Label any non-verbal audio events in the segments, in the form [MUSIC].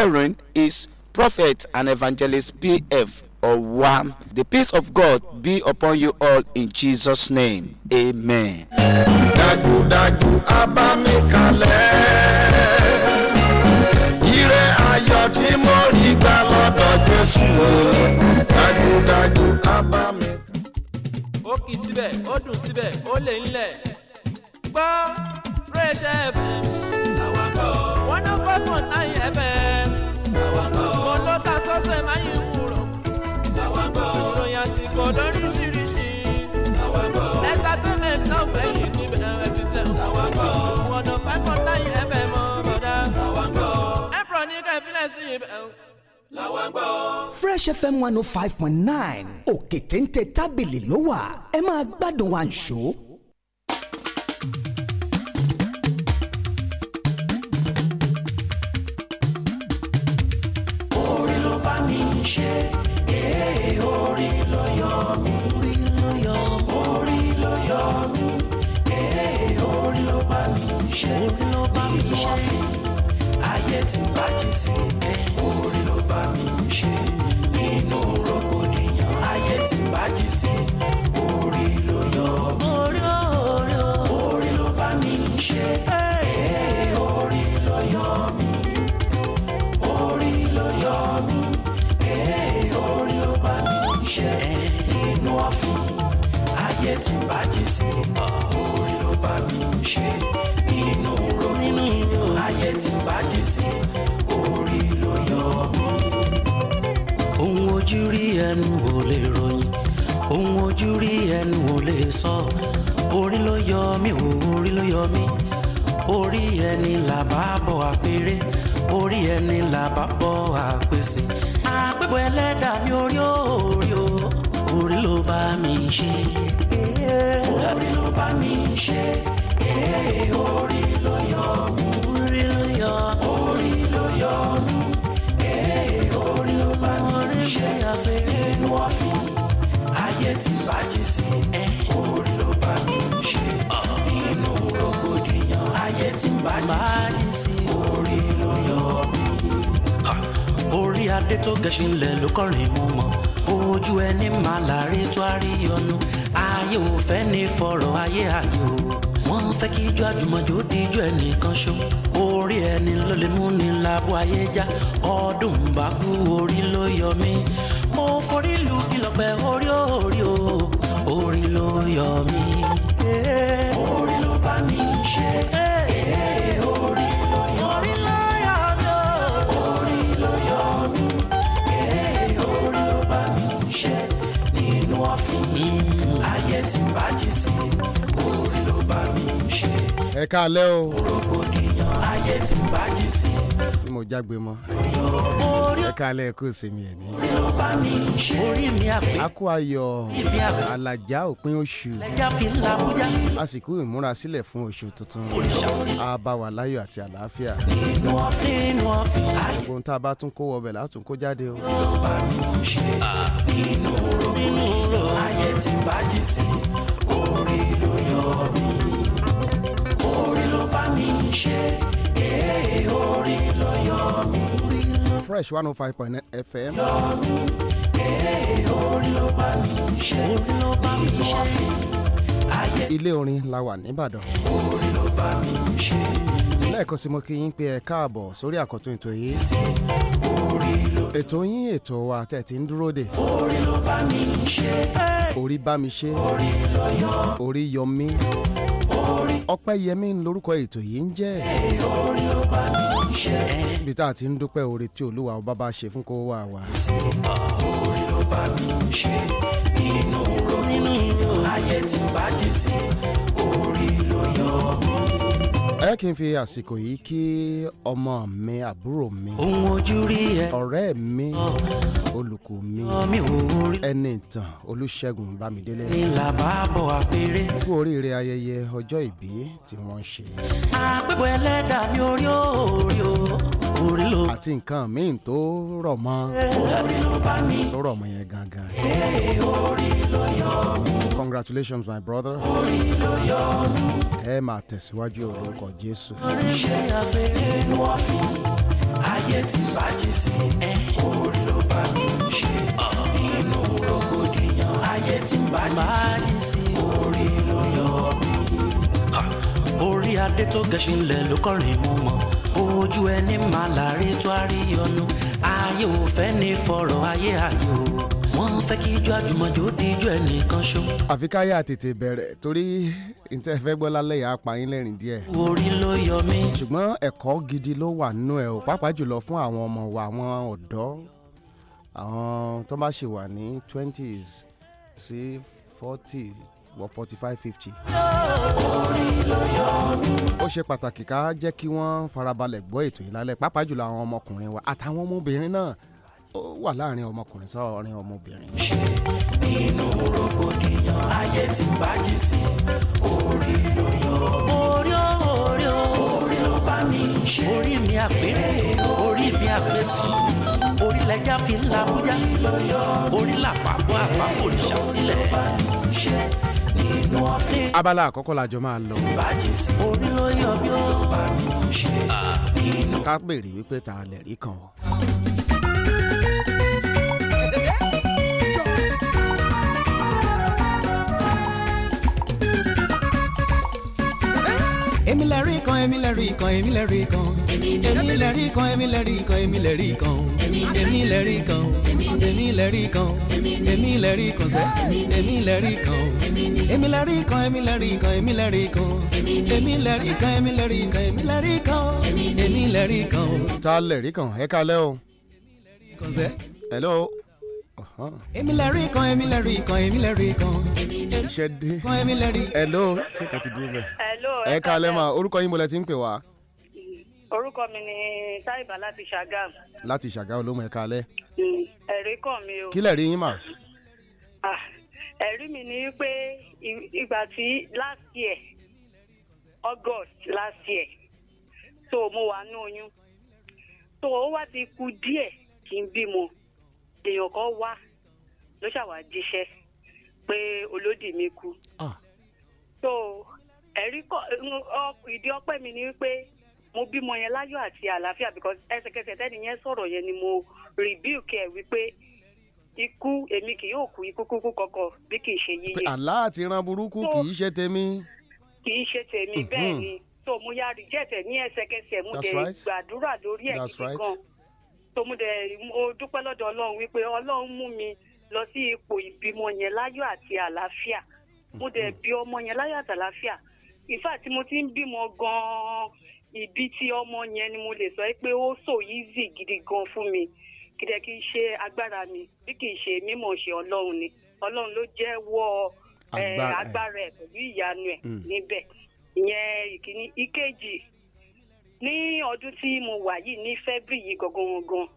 Reverend is Prophet and Evangelist P.F. Owam. The peace of God be upon you all in Jesus' name. Amen. Ó kì í síbẹ̀, ó dùn síbẹ̀, ó lè ń lẹ̀. Gbọ́ Fresh FM. one oh five point nine FM máyì fm ọ̀dà. ẹ̀pọ̀ ní kẹ́fílẹ̀ sí ibẹ̀ làwọn fresh fm one oh five point nine òkè téńté tábìlì ló wà ẹ máa gbádùn àǹṣó ṣe orí ló bá mi ṣe ayé ti ń bájì sí orí ló bá mi ṣe nínú rògbòdìyàn ayé ti ń bájì sí orí ló yọ mí orí ló bá mi ṣe orí ló yọ mí orí ló yọ mí orí ló bá mi ṣe nínú àfin ayé tí ń bájì sí orí ló bá mi ṣe tí bá jí sí orí ló yọ mí. ohun ojú rí ẹnu ò lè ròyìn ohun ojú rí ẹnu ò lè sọ orí ló yọ mí ò orí ló yọ mí orí ẹni làbá bọ̀ àpèrè orí ẹni làbá bọ̀ àpèsè àpèpọ̀ ẹlẹ́dàá mi orí orí o orí ló bá mi ṣe orí ló bá mi ṣe eh, orí ló yọ mí yọ. orí ló yọ mí ee eh, orí ló bá mi ṣe inú ọ̀fìn ayé ti bàjẹ́ sí eh, orí ló bá mi ṣe inú rògbòdìyàn ayé ti bàjẹ́ sí orí ló yọ mí. orí adé tó gẹṣin lẹ̀ ló kọrin mú mọ́ ojú ẹni máa láre tó a ayé ò fẹ́ ní fọ̀rọ̀ ayé ayé wọ́n fẹ́ kí ijó àjùmọ̀jó di ijó ẹnìkan ṣó orí ẹni ló lè mú ni lábọ́ ayé já ọdún bá kú orí ló yọ mí mo forí lu kìlọ̀pẹ̀ orí orí o orí ló yọ mí. orí ló bá mi ṣe orí ló yọ mí. orí ló yọ mí orí ló bá mi ṣe nínú ọ̀fìn ayé tí ń bàjẹ́ sí ẹ káalẹ́ o ayé tí ń bá jì sí. bí mo jágbe mọ ẹ kálẹ̀ kó sèmi ẹ̀ ní. a kó ayọ̀ alájà òpin oṣù. àsìkò ìmúrasílẹ̀ fún oṣù tuntun. a bá wa láyọ̀ àti àlàáfíà. ohun tá a bá tún kó wọbẹ̀ látún kó jáde o. inú orogún ń bá jì sí. fresh one oh five point nine fm. lọ́rùn èè orin ló bá mi ṣe orin ló bá mi ṣe ayé. ilé orin la wà nìbàdàn. mi ṣe. lẹ́ẹ̀kan sí mo kí yín pé ẹ káàbọ̀ sórí àkọ́tún ètò yìí. ètò yín ètò wa tẹ̀ tí ń dúró dè. orí bá mi ṣe. orí yọ mí ọpẹ́yẹmí lórúkọ ètò yìí ń jẹ́ ibi tá a ti ń dúpẹ́ oore tí olúwa ọba bá ṣe fún kó wà wá. nínú ayé tí bàjẹ́ sí orí ǹjẹ́ kí n fi àsìkò yìí kí ọmọ mi àbúrò mi ọ̀rẹ́ mi olùkọ́ mi ẹni ìtàn Olúṣẹ́gun Bámidélé kú oríire ayẹyẹ ọjọ́ ìbí tí wọ́n ṣe. àpẹ̀bọ̀ ẹlẹ́dàá mi orí òòrì o àti nǹkan míì tó rọ̀ mọ́ tó rọ̀ mọ́ yẹn gangan. congratulations my brother. ẹ máa tẹ̀síwájú orúkọ Jésù. ṣé abẹ́rẹ́ inú ọ̀fìn ayé ti bàjẹ́ sí ẹ orí ló bá mi ṣe inú rògbòdìyàn ayé ti bàjẹ́ sí orí ló yọ mí. orí adé tó gẹṣin lẹ ló kọrin mú mọ́ ojú ẹni máa láre tó a rí ọnu ayé ò fẹ́ ní fọ̀rọ̀ ayé ayò wọ́n fẹ́ kí ijó àjùmọ̀jò di ijó ẹnìkan ṣó. àfi káyà tètè bẹ̀rẹ̀ torí ntẹ́ fẹ́ gbọ́ lálẹ́ yà á pa yín lẹ́rìn díẹ̀. orí ló yọ mí. ṣùgbọ́n ẹ̀kọ́ gidi ló wà nínú ẹ̀ o pàápàá jùlọ fún àwọn ọmọ wa àwọn ọ̀dọ́ àwọn tó bá ṣì wà ní twenties sí forty wọ forty five fifty. ó ṣe pàtàkì ká jẹ́ kí wọ́n farabalẹ̀ gbọ́ ètò yìí lálẹ́ pàápàá jùlọ àwọn ọmọkùnrin wa àtàwọn ọmọbìnrin náà ó wà láàrin ọmọkùnrin sọ́ọ̀rin ọmọbìnrin. ṣe nínú rògbòdìyàn ayé tí ń sí orí ló yọ. orí orí orí ló bá mi ṣe. orí mi àpérè orí mi àpèsè orí lẹja fi ń labújá orí làpapọ̀ àpapọ̀ òrìṣà sílẹ̀ abala àkọ́kọ́ làjọ máa lọ. ká pèrè wípé ta lẹ̀ rí kan. èmi lè rí kan èmi lè rí kan èmi lè rí kan èmi lè rí kan èmi lè rí kan èmi lè rí kan èmi lè rí kan èmi lè rí kan èmi lè rí kan sẹ́ èmi lè rí kan èmi lè rí kan èmi lè rí kan èmi lè rí kan èmi lè rí kan èmi lè rí kan èmi lè rí kan èmi lè rí kan. ta lè rí kan ẹ kalẹ́ o. hello. èmi lè rí kan èmi lè rí kan èmi lè rí kan. iṣẹ́ dé hello ṣé ká ti dúró bẹ́ẹ̀. ẹ kalẹ́ ma orúkọ yín mo lẹ ti ń pè wá. orúkọ mi ni taiba láti ṣàgámù. láti ṣàgámù ló mọ ẹ̀ka alẹ́. Mm, ẹ̀rí kàn mí o. kílẹ̀ rí yín mà. ẹ̀rí mi ni pé ìgbà tí last year August last year so mo wà ní oyún so ó wá ti kú díẹ̀ kí n bímọ èèyàn kan wá ló ṣàwà jíṣẹ́ pé olódì mi kú. so ẹ̀rí ìdí ọpẹ́ mi ni pé. mo bímọ yẹn láyọ̀ àti àlàáfíà because ẹsẹ̀kẹsẹ̀ tẹ́ni yẹn sọ̀rọ̀ yẹn ni mo rebuke ẹ̀ wípé ikú èmi kì yóò kú ikú kúkú kọkọ bí kì í ṣe yíyẹ. àlá àti ìran burúkú kì í ṣe tèmi. kì í ṣe tèmi mhm. bẹ́ẹ̀ ni so mo ya reject ẹ̀ ní ẹsẹ̀kẹsẹ̀ mo dẹ̀ gbàdúrà lórí ẹ̀ gidi gan so mo dẹ̀ mo dúpẹ́ lọ́dọ̀ ọlọ́run wípé ọlọ́run mú mi lọ sí ipò ìbímọ yẹn láyọ̀ àti àlàáfíà mo dẹ̀ mhm. bí ọmọ yẹn láyọ̀ àti ìfà tí mo ti ń bímọ gan-an ibi tí ọmọ yẹn ni mo lè sọ pé ó so easy gidi gan fún mi kìdẹ kì í ṣe agbára mi bí kì í ṣe mímọ̀ ṣe Ọlọ́run ni Ọlọ́run ló jẹ́ wọ agbára ẹ̀ pẹ̀lú ìyanu ẹ̀ hmm. níbẹ̀ ìyẹn ìkíní ìkejì ní ọdún tí mo wà yìí ní February yìí gangan gangan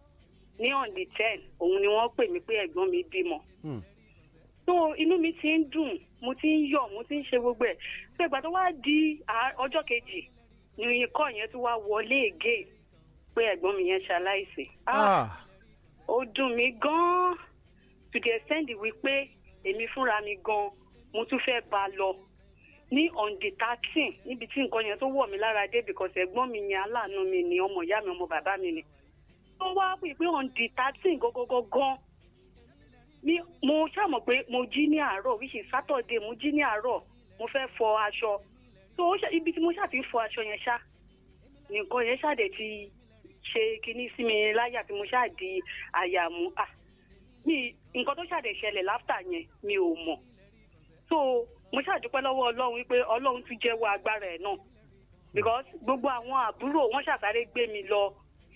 ní on the ten òun ni wọ́n pè mí pé ẹ̀gbọ́n mi bímọ. Hmm. so inú mi ti ń dùn mo ti ń yọ̀ mo ti ń ṣe gbogbo ẹ̀ pé ìgbà tó wá di ọjọ́ kejì ni ikọ̀ yẹn tún wá wọlé ègé pé ẹ̀gbọ́n mi yẹn ṣaláìsí. Ah, ah. ó dùn mí gan-an to the extent wípé èmi fúnra mi gan-an mo tún fẹ́ bá a lọ ní on the thirteen níbi tí nǹkan yẹn tó wọ̀ mí lára dé because ẹ̀gbọ́n mi yẹn aláàánú mi ni ọmọ ìyá mi ọmọ bàbá mi ni. ó wá pè pé on the thirteen gógógó gan mi mo ṣàmọ̀ pé mo jí ní àárọ̀ which is Saturday mo jí ní àárọ̀ mo fẹ́ fọ aṣọ so ibi tí mo ṣáà ti ń fọ aṣọ yẹn ṣá nǹkan yẹn ṣáà dẹ̀ ti ṣe kinní sí mi láyà tí mo ṣáà di àyà mú à ah, mi nǹkan tó ṣáà dẹ̀ ṣẹlẹ̀ láftà yẹn mi ò mọ̀ so mo ṣáà dúpẹ́ lọ́wọ́ ọlọ́run wípé ọlọ́run tún jẹ́wọ́ agbára ẹ̀ náà because gbogbo àwọn àbúrò wọn ṣàtàrẹ gbé mi lọ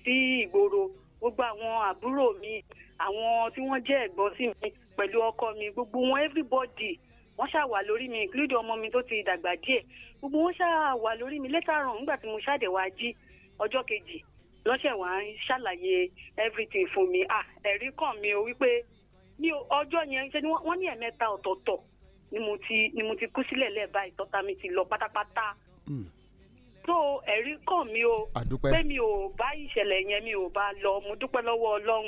sí ìgboro gbogbo àwọn àbúrò mi àwọn tí wọ́n jẹ́ ẹ̀gbọ́n sí mi pẹ̀lú ọkọ mi gbogbo wọn everybody wọ́n ṣáà wà lórí mi include ọmọ mi tó ti dàgbà díẹ̀ gbogbo wọn ṣáà wà lórí mi later on nígbà tí mo ṣàdẹ̀ wá jí ọjọ́ kejì lọ́sẹ̀ wá ń ṣàlàyé everything fún mi ah ẹ̀rí kàn mi o wípé ní ọjọ́ yẹn ṣe ni wọ́n ní ẹ̀mẹ́ta ọ̀tọ̀ọ̀tọ̀ ni mo ti ni mo ti kú sílẹ̀ lẹ́ẹ̀bá ìtọ́ta mi ti lọ pátápátá hmm. so ẹ̀rí kàn mi o pé mi ò bá ìṣẹ̀lẹ̀ yẹn mi ò bá lọ mo dúpẹ́ lọ́wọ́ ọlọ́run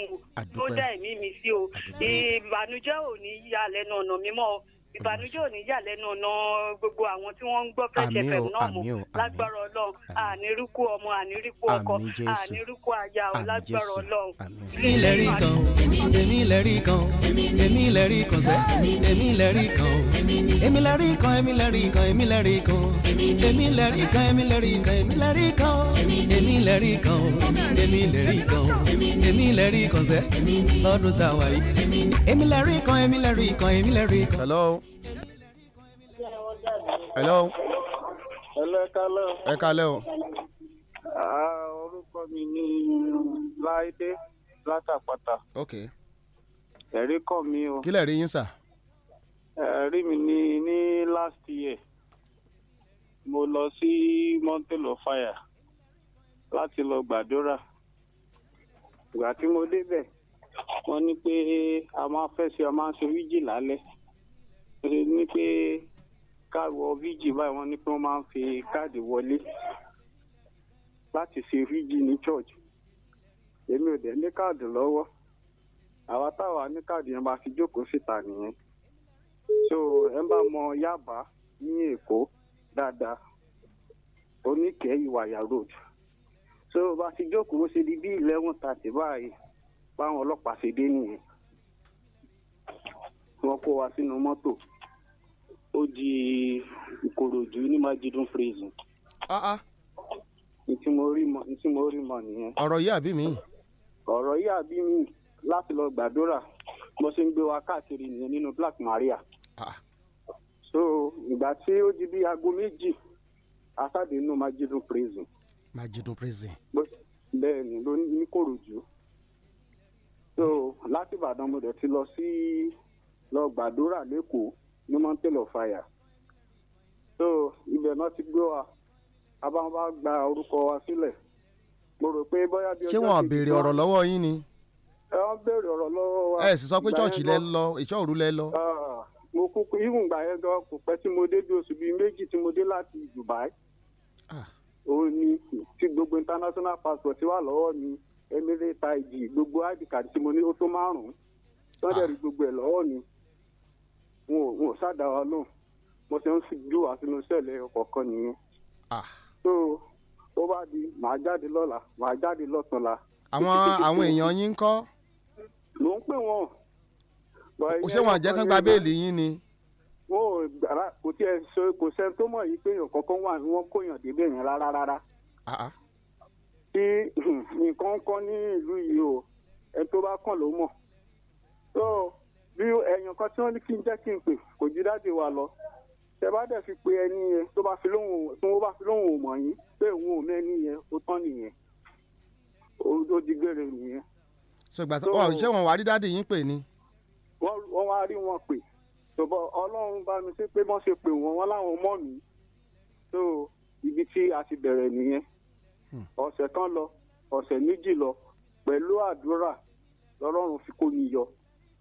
tó dá ẹ̀mí mi sí o ìbànújẹ́ ò ní yà lẹ́nu ọ̀nà mi mọ́ ìbànújẹ́ ò ní yà lẹ́nu ọ̀nà gbogbo àwọn tí wọ́n ń gbọ́ fẹ́jẹ̀ fẹ̀m náà mọ̀ lágbára ọlọ́run ànírúkú ọmọ ànírúkú ọkọ ànírúkú aya ọ lágbára ọlọ́run. èmi lè kan èmi lè kan èmi lè kan sẹ́ èmi lè kan èmi lè kan èmi lè kan èmi lè kan èmi lè kan èmi lè kan èmi lè kan èmi lè kan èmi lè kan èmi lè kan sẹ́ lọ́dún tá yìí èmi lè kan èmi lè kan èmi lè kan hello. hello ẹ kálẹ́ o. ẹ kálẹ́ o. orúkọ mi ni láìdé látàpàtà. ok. ẹ̀rí kọ́ mi o. kílẹ̀ rí yín sà. ẹ̀rí mi ni ní last year mo lọ sí mountain fire láti lọ gbàdúrà ìgbà tí mo débẹ̀ wọ́n ní pé a máa fẹ́ ṣe a máa ń ṣe wíjì lálẹ́ ní pé káwọ fíjì báyìí wọ́n ní pé wọ́n máa ń fi káàdì wọlé láti ṣe fíjì ní church èmi ò dẹ̀ ní káàdì lọ́wọ́ àwa táwa ní káàdì yẹn máa fi jókòó síta nìyẹn so ẹ bá mọ Yaba ní Èkó dáadáa oníkẹ́ ìwàyà road so bá ti jókòó ṣe di bí eleven thirty báyìí báwọn ọlọ́pàá ṣe dé nìyẹn wọ́n kó wa sínú mọ́tò ó di ìkòròdú ní májídún prison. Ah, ah. ntí mo rí mọ ntí mo rí mọ nìyẹn. ọ̀rọ̀ yìí àbí mi. ọ̀rọ̀ yìí àbí mi láti lọ gbàdúrà bó ṣe ń gbé wa káàkiri nìyẹn nínú Black Maria. Ah. so ìgbà tí ó di bíi aago méjì asáde inú májídún prison. májídún prison. bẹ́ẹ̀ ni ló ní kòròdú so láti Ìbàdàn mo dẹ̀ ti lọ sí lọ gbàdúrà lẹ́kọ̀ọ́ ní mountain of fire so ibẹ̀ náà ti gbé wa a bá wa gba orúkọ wa sílẹ̀ mo rò pé bóyá bí ọjọ́ kejì. ṣé wọn béèrè ọ̀rọ̀ lọ́wọ́ yín ni. ẹ wọn béèrè ọ̀rọ̀ lọ́wọ́ wa. ẹ sì sọ pé chọ́ọ̀chì lẹ lọ ìṣọ́ọ̀rù lẹ lọ. mo kúkú irun gbà yẹn gan kò pẹ́ tí mo dé bí oṣù bíi méjì tí mo dé láti Dubai òun ah. ni tí gbogbo international passport ti wà lọ́wọ́ mi emirate id gbogbo id card tí mo ní ó tó márùn-ún tọ́jà ah. rí gbogbo ẹ̀ lọ́wọ́ mi wọn ò wọn ò sáà dá wa lóhùn mo ṣe ń ju àtinú sẹ́ẹ̀lẹ̀ ọ̀kọ̀ọ̀kan nìyẹn. Ah. so o bá di màá jáde lọ́la màá jáde lọ́tọ̀la. àwọn àwọn èèyàn yín ń kọ́. mò ń pè wọ́n. ṣé wọn àjẹkán gba béèlì yín ni. wọn ò gbàrà kò tiẹ̀ sọ kò sẹ́ni tó mọ̀ yìí pé èèyàn kankan wà ní wọ́n kóyàn débẹ̀ yẹn rárá rárá. Ah, ah. tí nǹkan kan ní ìlú yìí o ẹni tó bá kàn ló mọ̀. tó o bí ẹ̀yàn kan tí wọ́n ní kí n jẹ́ kí n pè kò ju dáàdi wa lọ tẹ bá dẹ̀ fi pe ẹni yẹn tó bá fi lóhùn tó bá fi lóhùn mọ̀ yín pé òun ò mẹ́ni yẹn ó tán nìyẹn ó di gbére nìyẹn. ṣùgbọ́n ọ ṣé wọn wá rí dáàdi yín pè ni. wọ́n wá rí wọn pè ṣùgbọ́n ọlọ́run bá mi sí pé wọ́n ṣe pè wọ́n wọ́n láwọn mọ̀ mí tó ibi tí a ti bẹ̀rẹ̀ nìyẹn hmm. ọ̀sẹ̀ kan lọ ọ̀sẹ̀ méjì lọ pẹ̀lú àdúrà lọ́lọ́run fi kó mi yọ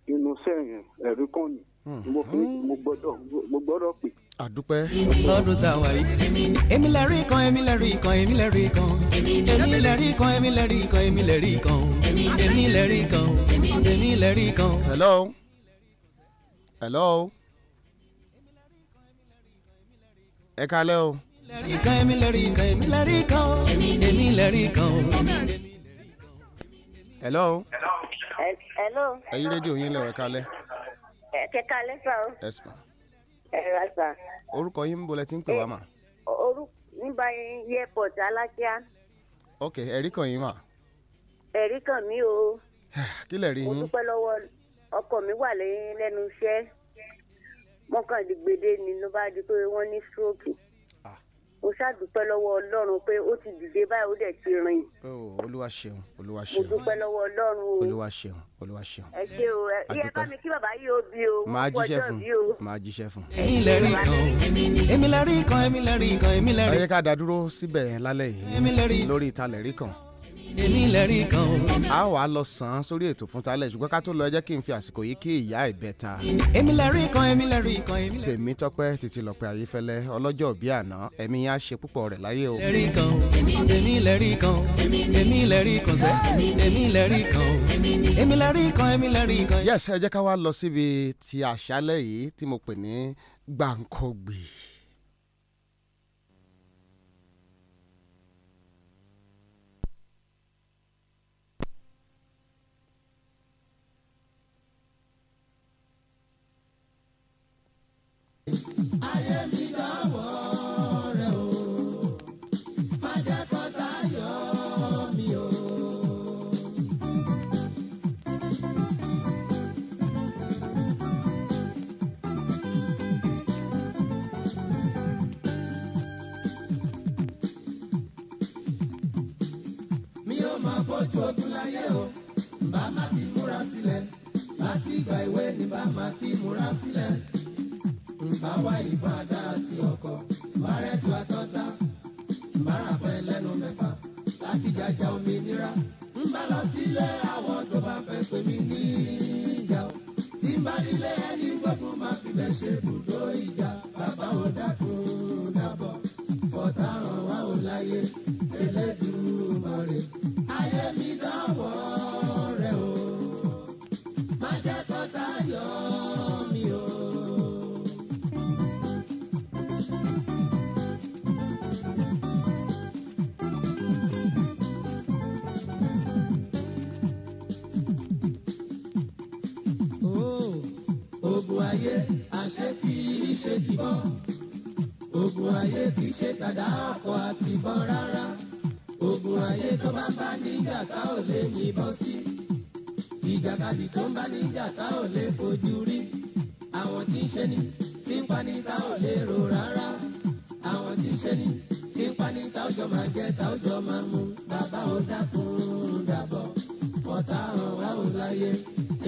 inú sẹ́yìn ẹ̀rí kan ni mo fi hmm. mo gbọ́dọ̀ mo gbọ́dọ̀ pè. àdúpẹ́. lọ́dún tá a wà yìí. èmi lè rí kan èmi lè rí kan èmi lè rí kan èmi lè rí kan èmi lè rí kan èmi lè rí kan èmi lè rí kan èmi lè rí kan. hello hello ẹ kalẹ́ o. hello. hello hello. ẹ̀yin rédíò yín lẹ́wọ̀ kale. o. ẹ sùn. ẹ rà sá. orúkọ yín ń bolẹ̀ tí ń pè wá mà. orúkọ nígbà mi o. [SIGHS] kí lè rí mo ọkọ mi lẹ́nu iṣẹ́ ni ló di ní stroke mo ṣàdúpẹ́ lọ́wọ́ ọlọ́run pé ó ti dìde báyìí ó dẹ̀ ti rìn. Oh, olúwa ṣeun olúwa ṣeun mo dúpẹ́ lọ́wọ́ ọlọ́run o olúwa ṣeun olúwa ṣeun. ẹ ṣe o ẹ bá mi kí bàbá yìí ó bí o máa jíṣẹ́ fún máa jíṣẹ́ fún. ẹ̀yin lè rí kan èmi lè rí kan èmi lè rí kan èmi lè rí. ẹ yẹ ká dá dúró síbẹ̀ yẹn lálẹ́ yìí lórí ìta lè rí kan èmi lẹ́rìí kan o. a wàá lọ sàn án sórí ètò fún talẹ̀ ṣùgbọ́n ká tó lọ ẹ jẹ́ kí n fi àsìkò yìí kí ìyá ìbẹ́ta. èmi lẹ́rìí kan èmi lẹ́rìí kan èmi lẹ́rìí kan. tèmi tọpẹ́ títí lọpẹ ayífẹ́lẹ́ ọlọ́jọ́ bíi àná ẹ̀mí yẹn á ṣe púpọ̀ rẹ̀ láyé o. èmi lẹ́rìí kan èmi lẹ́rìí kan èmi lẹ́rìí kan sẹ́ èmi lẹ́rìí kan èmi lẹ́rìí kan èmi ẹ jẹ́ ká wá lọ síbi ti àṣálẹ́ yìí tí mo pè ní gbàǹkọ́gbì.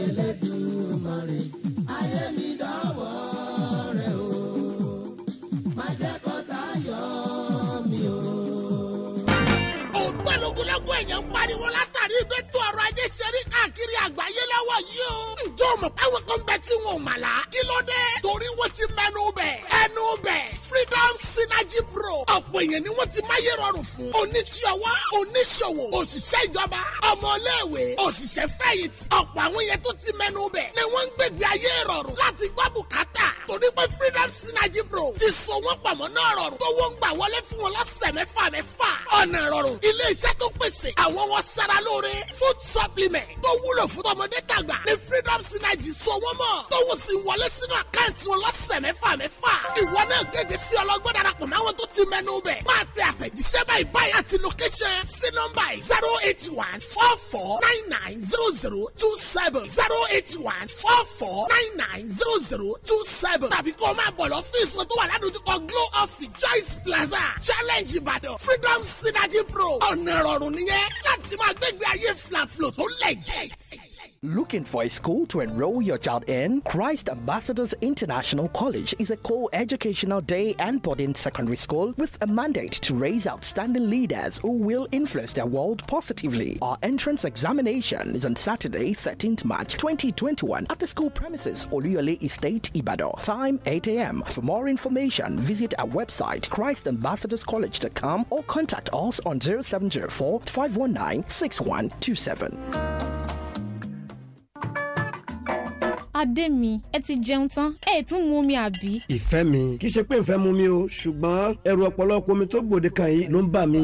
Elédùmarè ayé mi dọ́wọ́ rẹ o má jẹ́ kọ́ta yọ mí o. ògbólógólógó èèyàn ń pariwo látàrí ibi tó ọrọ̀ ajé ṣe rí káàkiri àgbáyé lọ́wọ́ yìí o. ǹjọ́ mọ̀ pé àwọn kan bẹ tí wọn ò mà lá. kí ló dé? torí wọ́n ti mẹ́nu bẹ̀. ẹnu bẹ̀ méjì pro ọ̀pọ̀ èèyàn ni wọ́n ti máyé rọrùn fún oníṣòwò oníṣòwò òṣìṣẹ́ ìjọba ọmọléèwé òṣìṣẹ́ fẹ̀yìntì ọ̀pọ̀ àwọn yẹn tó ti mẹ́nu bẹ̀ ni wọ́n ń gbègbè ayé rọrùn láti gbọ́ bùkátà torí pé freedom synergy pro ti so wọ́n pamọ́ náà rọrùn tó wọ́n ń gbà wọlé fún wọn lọ́sẹ̀ mẹ́fà mẹ́fà ọ̀nà rọrùn ilé iṣẹ́ tó pèsè àwọn wọn sara lóore food supplement tó wúlò fún tọmọdé tàgbà ni freedom synergy so wọ́n mọ̀ tó wọ́n sì wọlé sínú àkáǹtì wọn lọ́sẹ̀ mẹ́fà mẹ́fà ìwọ náà gbègbè sí ọlọ́gbọ́n darapọ̀ má táwọn tó ti mẹ́nu bẹ̀. máa tẹ àtẹ̀jíṣẹ́ báyìí báyìí àti location sí nọ́mbà yìí zero eight one four four nine nine zero zero two seven zero eight one four four nine nine zero zero two seven tàbí kó o máa bọ̀ lọ́fíìsì tó wà ládojúkọ Glo office Choice Plaza Challenge Ìbàdàn Freedom Synergy Pro ọ̀nà ìrọ̀rùn nìyẹn láti máa gbégbé ayé flat flow tó lẹ̀ jẹ́. Looking for a school to enroll your child in? Christ Ambassadors International College is a co educational day and boarding secondary school with a mandate to raise outstanding leaders who will influence their world positively. Our entrance examination is on Saturday, 13th March 2021 at the school premises, Oluyole Estate, Ibadan. Time 8 a.m. For more information, visit our website christambassadorscollege.com or contact us on 0704 519 6127. adé mi ẹ ti jẹun tán ẹ tún mu omi àbí. ìfẹ́ mi kì í ṣe pé ń fẹ́ mu mi o ṣùgbọ́n ẹrù ọ̀pọ̀lọpọ̀ omi tó gbòde kan yìí ló ń bà mí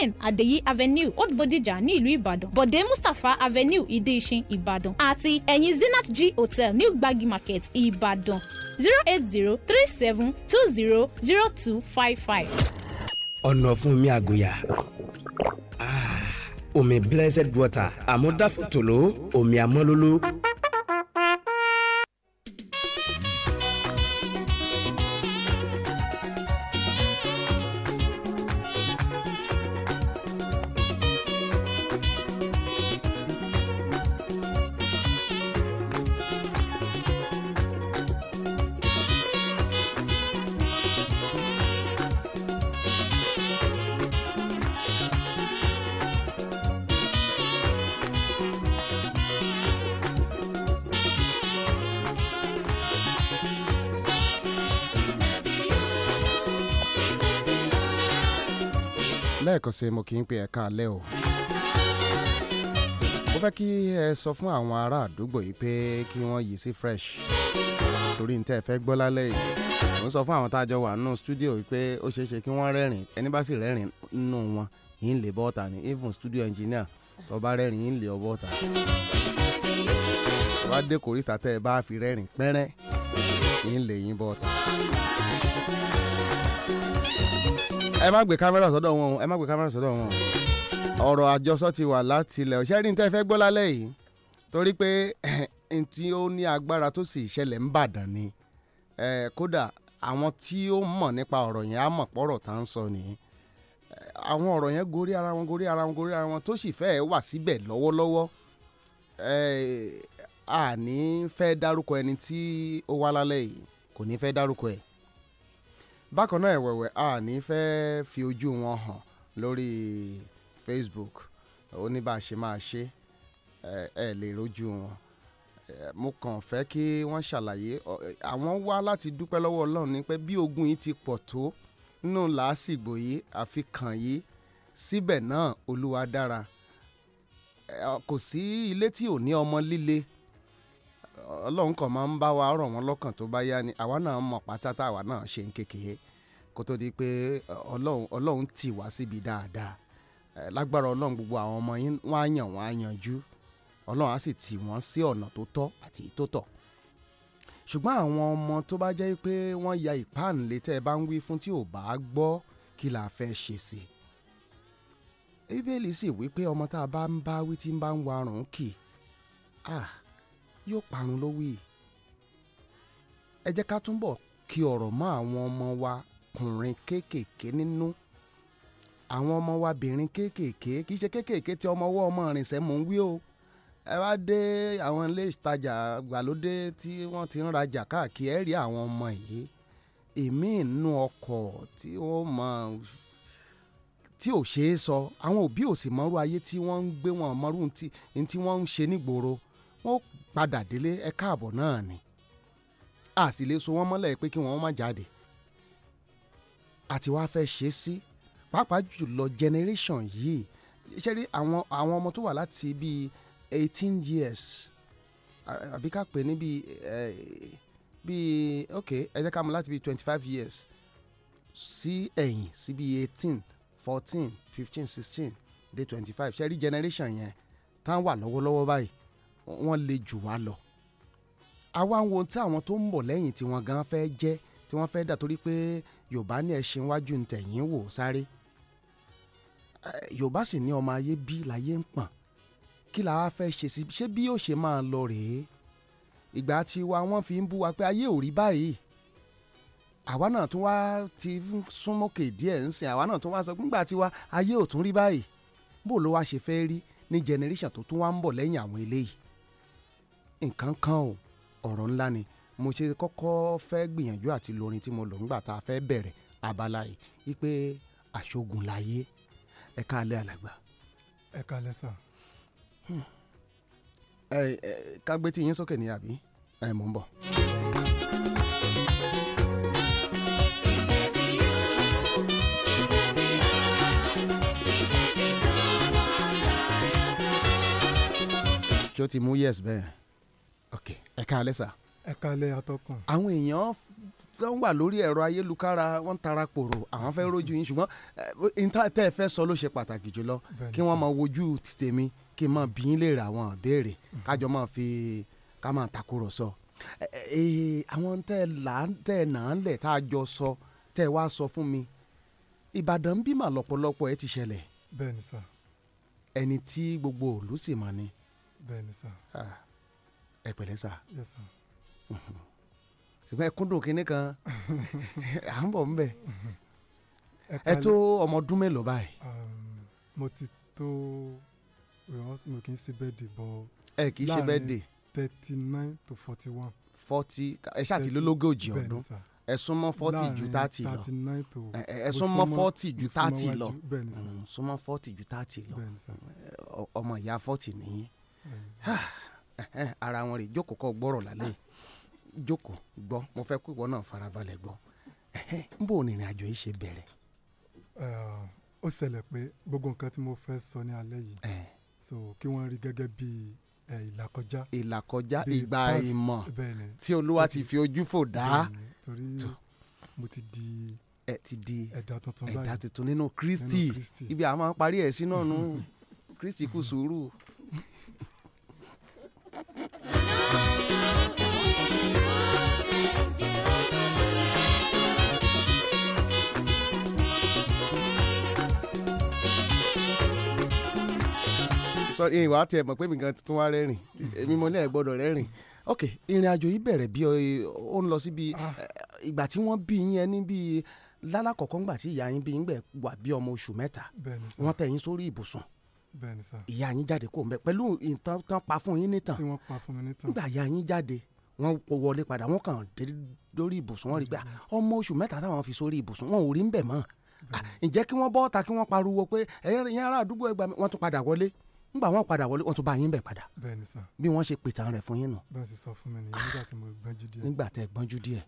ten àdèyí avenue old bodija ní ìlú ìbàdàn bọ̀dé mustapha avenue ìdí-ìṣin ìbàdàn àti ẹ̀yìn zenith g hotel new gbagi market ìbàdàn zero eight zero three seven two zero zero two five five. ọ̀nà fún mi àgùyà ah, omi blessed water àmúdáfòtòló omi amọ́lóló lẹ́ẹ̀kan sí mo kì í pe ẹ̀ka alẹ́ o. mo fẹ́ kí ẹ sọ fún àwọn ará àdúgbò yìí pé kí wọ́n yí sí fresh torí níta fẹ́ gbọ́ lálẹ́ yìí mo ń sọ fún àwọn tá wà nù stúdíò yìí pé ó ṣeé ṣe kí wọ́n rẹ́rìn ẹni bá sì rẹ́rìn nù wọn yìí ń lè bọ́ ni even studio engineer tó bá rẹ́rìn yìí ń lè ọwọ́ ọ̀tà dé kòríta tẹ́ ẹ bá fi rẹ́rìn pẹ́rẹ́ yìí ń lè yín bọ́ ẹ má gbé kámẹ́rà sọ́dọ̀ wọn o ẹ má gbé kámẹ́rà sọ́dọ̀ wọn o ọ̀rọ̀ àjọsọ ti wà láti ilẹ̀ òṣèré ní tẹ́ fẹ́ gbọ́ lálẹ́ yìí torí pé ntí ó ní agbára tó sì ṣẹlẹ̀ ń bàdàn ni kódà àwọn tí ó mọ̀ nípa ọ̀rọ̀ yẹn á mọ̀ pọ̀rọ̀ tá ń sọ nìyí àwọn ọ̀rọ̀ yẹn gorí ara wọn gorí ara wọn gorí ara wọn tó sì fẹ́ẹ́ wà síbẹ̀ lọ́wọ́lọ́wọ́ a fẹ́ dárúkọ ẹni tí ó wá lálẹ́ yìí kò ní fẹ́ dárúkọ ẹ̀ bákan náà ẹ̀wẹ̀wẹ̀ a ní fẹ́ fi ojú wọn hàn lórí Facebook ó ní bá a ṣe máa ṣe ẹ lè rojú wọn mo kàn fẹ́ kí wọ́n ṣàlàyé àwọn wá láti dúpẹ́ lọ́wọ́ Ọlọ́run ni pé bí ogun yìí ti pọ̀ tó nínú làásìgbò yìí àfikàn yìí síbẹ̀ náà Olúwa dára kò sí ilé tí ò ní ọmọ líle ọlọ́run kan máa ń bá wa rọ̀ wọ́n lọ́kàn tó bá yá ni àwa náà mọ̀ pátátá àwa náà ṣe ń kékeré kó tó di pé ọlọ́run ọlọ́run tì wá síbi dáadáa lágbára ọlọ́run gbogbo àwọn ọmọ yín wọ́n á yàn wọ́n á yanjú ọlọ́run á sì tì wọ́n sí ọ̀nà tó tọ́ àti tó tọ́ ṣùgbọ́n àwọn ọmọ tó bá jẹ́ pé wọ́n ya ìpáǹlé tẹ́ ẹ bá ń wí fún tí ò bá gbọ́ kí la fẹ́ ṣe sí i bíbélì sì wí pé ọmọ tá a bá ń bá wí tí ń bá ń warùn kì í ah yóò parun ló wí. ẹ jẹ́ ká túnbọ̀ kí ọ̀rọ̀ mọ́ àwọn ọmọ wa kùnrin kéékèèké nínú àwọn ọmọ wa bìnrin kéékèèké kì í ṣe kéékèèké tí ọmọ ọwọ́ ọmọ ìrìnsẹ̀ mò ń wí o ẹ wá dé àwọn ilé ìtajà gbàlódé tí wọ́n ti ń rajà káàkiri ẹ rí àwọn ọmọ yìí èmi inú ọkọ̀ tí wọ́n mọ tí ò ṣeé sọ àwọn òbí ò sì mọrú ayé tí wọ́n ń gbé wọn mọrú ní tí wọ́n ń ṣe nígboro wọ́n padà délé ẹ káàbọ̀ náà ni a sì lè so wọ́n mọ́lẹ̀ pé kí wọ́n má jáde àti wàá fẹ́ ṣe sí pàápàá jùlọ generation yìí ṣe rí àwọn àwọn ọmọ tó wà láti bíi eighteen years àbí ká pè ní bíi bíi ok ẹ jẹ́ ká mú láti bíi twenty five years sí ẹ̀yìn sí bíi eighteen fourteen fifteen sixteen dé twenty five ṣe rí generation yẹn tá à ń wà lọ́wọ́lọ́wọ́ báyìí wọ́n lè jù wá lọ àwa ń wo tí àwọn tó ń bọ̀ lẹ́yìn tí wọ́n gan fẹ́ jẹ́ tí wọ́n fẹ́ dà torí pé yorùbá ní ẹṣin wájú ntẹ̀yìn wò sáré yorùbá sì ní ọmọ ayé bí láyé ń pọ̀n kí la wá fẹ́ ṣe sí ṣé bí yóò ṣe máa lọ rèé ìgbà tí wa wọ́n fi ń bú wa pé ayé ò rí báyìí àwa náà tún wá ti súnmọ́kè díẹ̀ ń sìn àwa náà tún wá sọ pé nígbà tí wa ayé ò tún rí báyìí bó ló wá ṣe fẹ́ rí ní generation tó tún wá ń bọ̀ lẹ́yìn àwọn eléyìí nǹkan kan o ọ̀rọ̀ ńlá ni mo ṣe kọ́kọ́ fẹ́ gbìyànjú àti lorin tí mo lò ńgbà tá a fẹ́ bẹ̀rẹ̀ abala yìí wípé àṣogun láyé ẹ káalẹ́ alàgbà. ẹ káalẹ́ sà. Hmm. ẹ ẹ kágbé yín sókè ní àbí ẹ mò ń bọ̀. ṣó ti mú yes bẹ́ẹ̀ ok ẹ káalẹ́ sà. ẹ káalẹ́ atọ́kùn. àwọn èèyàn tó ń wà lórí ẹ̀rọ ayélujára wọ́n ń tara pòrò àwọn fẹ́ rojú yín ṣùgbọ́n tẹ́ ẹ fẹ́ sọ ló ṣe pàtàkì jùlọ kí wọ́n máa wojú tèmi kí n máa bí yín léèrè àwọn ìbéèrè mm-hmm. kájọ máa fi ká máa takùrọ̀sọ. àwọn tẹ́ ẹ là tẹ́ ẹ nà án lẹ̀ tá a jọ sọ tẹ́ ẹ wá sọ fún mi Ìbàdàn bímọ lọ́pọ̀lọpọ̀ ẹ ti ṣẹlẹ̀. bẹ́ẹ̀ni sà. ẹni tí gbogbo òlú sì mọ̀ ni. bẹ́ẹ̀ni sà. Ah ẹ pẹ̀lẹ́ sà ṣùgbọ́n ẹ kúndùn kínní kan à ń bọ̀ ń bẹ̀ ẹ tó ọmọ ọdún mélòó báyìí. Um, mo ti tó mo kì í ṣe bẹ́ẹ̀dì bọ́ ẹ kì í ṣe bẹ́ẹ̀dì thirty nine to forty one. forty ẹ ṣàtìlélógójì ọdún ẹ súnmọ́ forty ju thirty lọ ẹ súnmọ́ forty ju thirty lọ súnmọ́ forty ju thirty lọ ọmọ ìyá forty nìyí ara wọn rè jókòó kọ́ gbọ́rọ̀ lálẹ́ jókòó gbọ́ mo fẹ́ kó ìwọ náà farabalẹ̀ gbọ́ n bò ní ìrìn àjò yìí ṣe bẹ̀rẹ̀. ó ṣẹlẹ̀ pé gbogbo nǹkan tí mo fẹ́ sọ ní alẹ́ yìí so kí wọ́n rí gẹ́gẹ́ bíi ìlàkọjá ìlàkọjá ìgbà ìmọ̀ tí olúwa ti fi ojú fò dá. torí mo ti di ẹ ti di ẹ̀dá tuntun báyìí ẹ̀dá tuntun nínú kristi ibi àwọn parí ẹ̀ sí náà [LAUGHS] kristi kù sùúrù sọ ní ìwà tiẹ̀ mọ̀ pé mi gan tuntun wá rẹ́rìn èmi mo ní ẹ̀ gbọ́dọ̀ rẹ́rìn ok ìrìn àjò yìí bẹ̀rẹ̀ bí ó ń lọ síbi ah. eh, ìgbà tí wọ́n bí yín ẹni bíi lálàkọ̀kọ́ ńgbà tí ìyá yín bí yín gbẹ̀ wà bí ọmọ oṣù mẹ́ta wọ́n tẹ̀ sórí ibùsùn bẹ́ẹ̀ni sá ìyá yín jáde kó mbẹ pẹ̀lú ìtàn tán pa fún yín nítàn tí wọ́n pa fún mi nítàn nígbà ìyá yín jáde wọ́n kò wọlé padà wọ́n kàn dé lórí ibùsùn wọ́n rí pé ah, ọmọ oṣù mẹ́ta táwọn fi sórí ibùsùn wọn ò rí mbẹ mọ́ ah, ǹjẹ́ kí wọ́n bọ́ ta kí wọ́n pariwo pé ẹ̀yin ará àdúgbò ẹgbàá mi wọ́n tún padà wọlé ngbà wọn padà wọlé wọn tún bá yín bẹ̀ padà bí wọ́n ṣe pètàn rẹ̀ fún yín nù. bẹ́ẹ̀ sì sọ fún mi nìyẹn nígbà tí mo gbọ́njú díẹ̀. nígbà tẹ gbọ́njú díẹ̀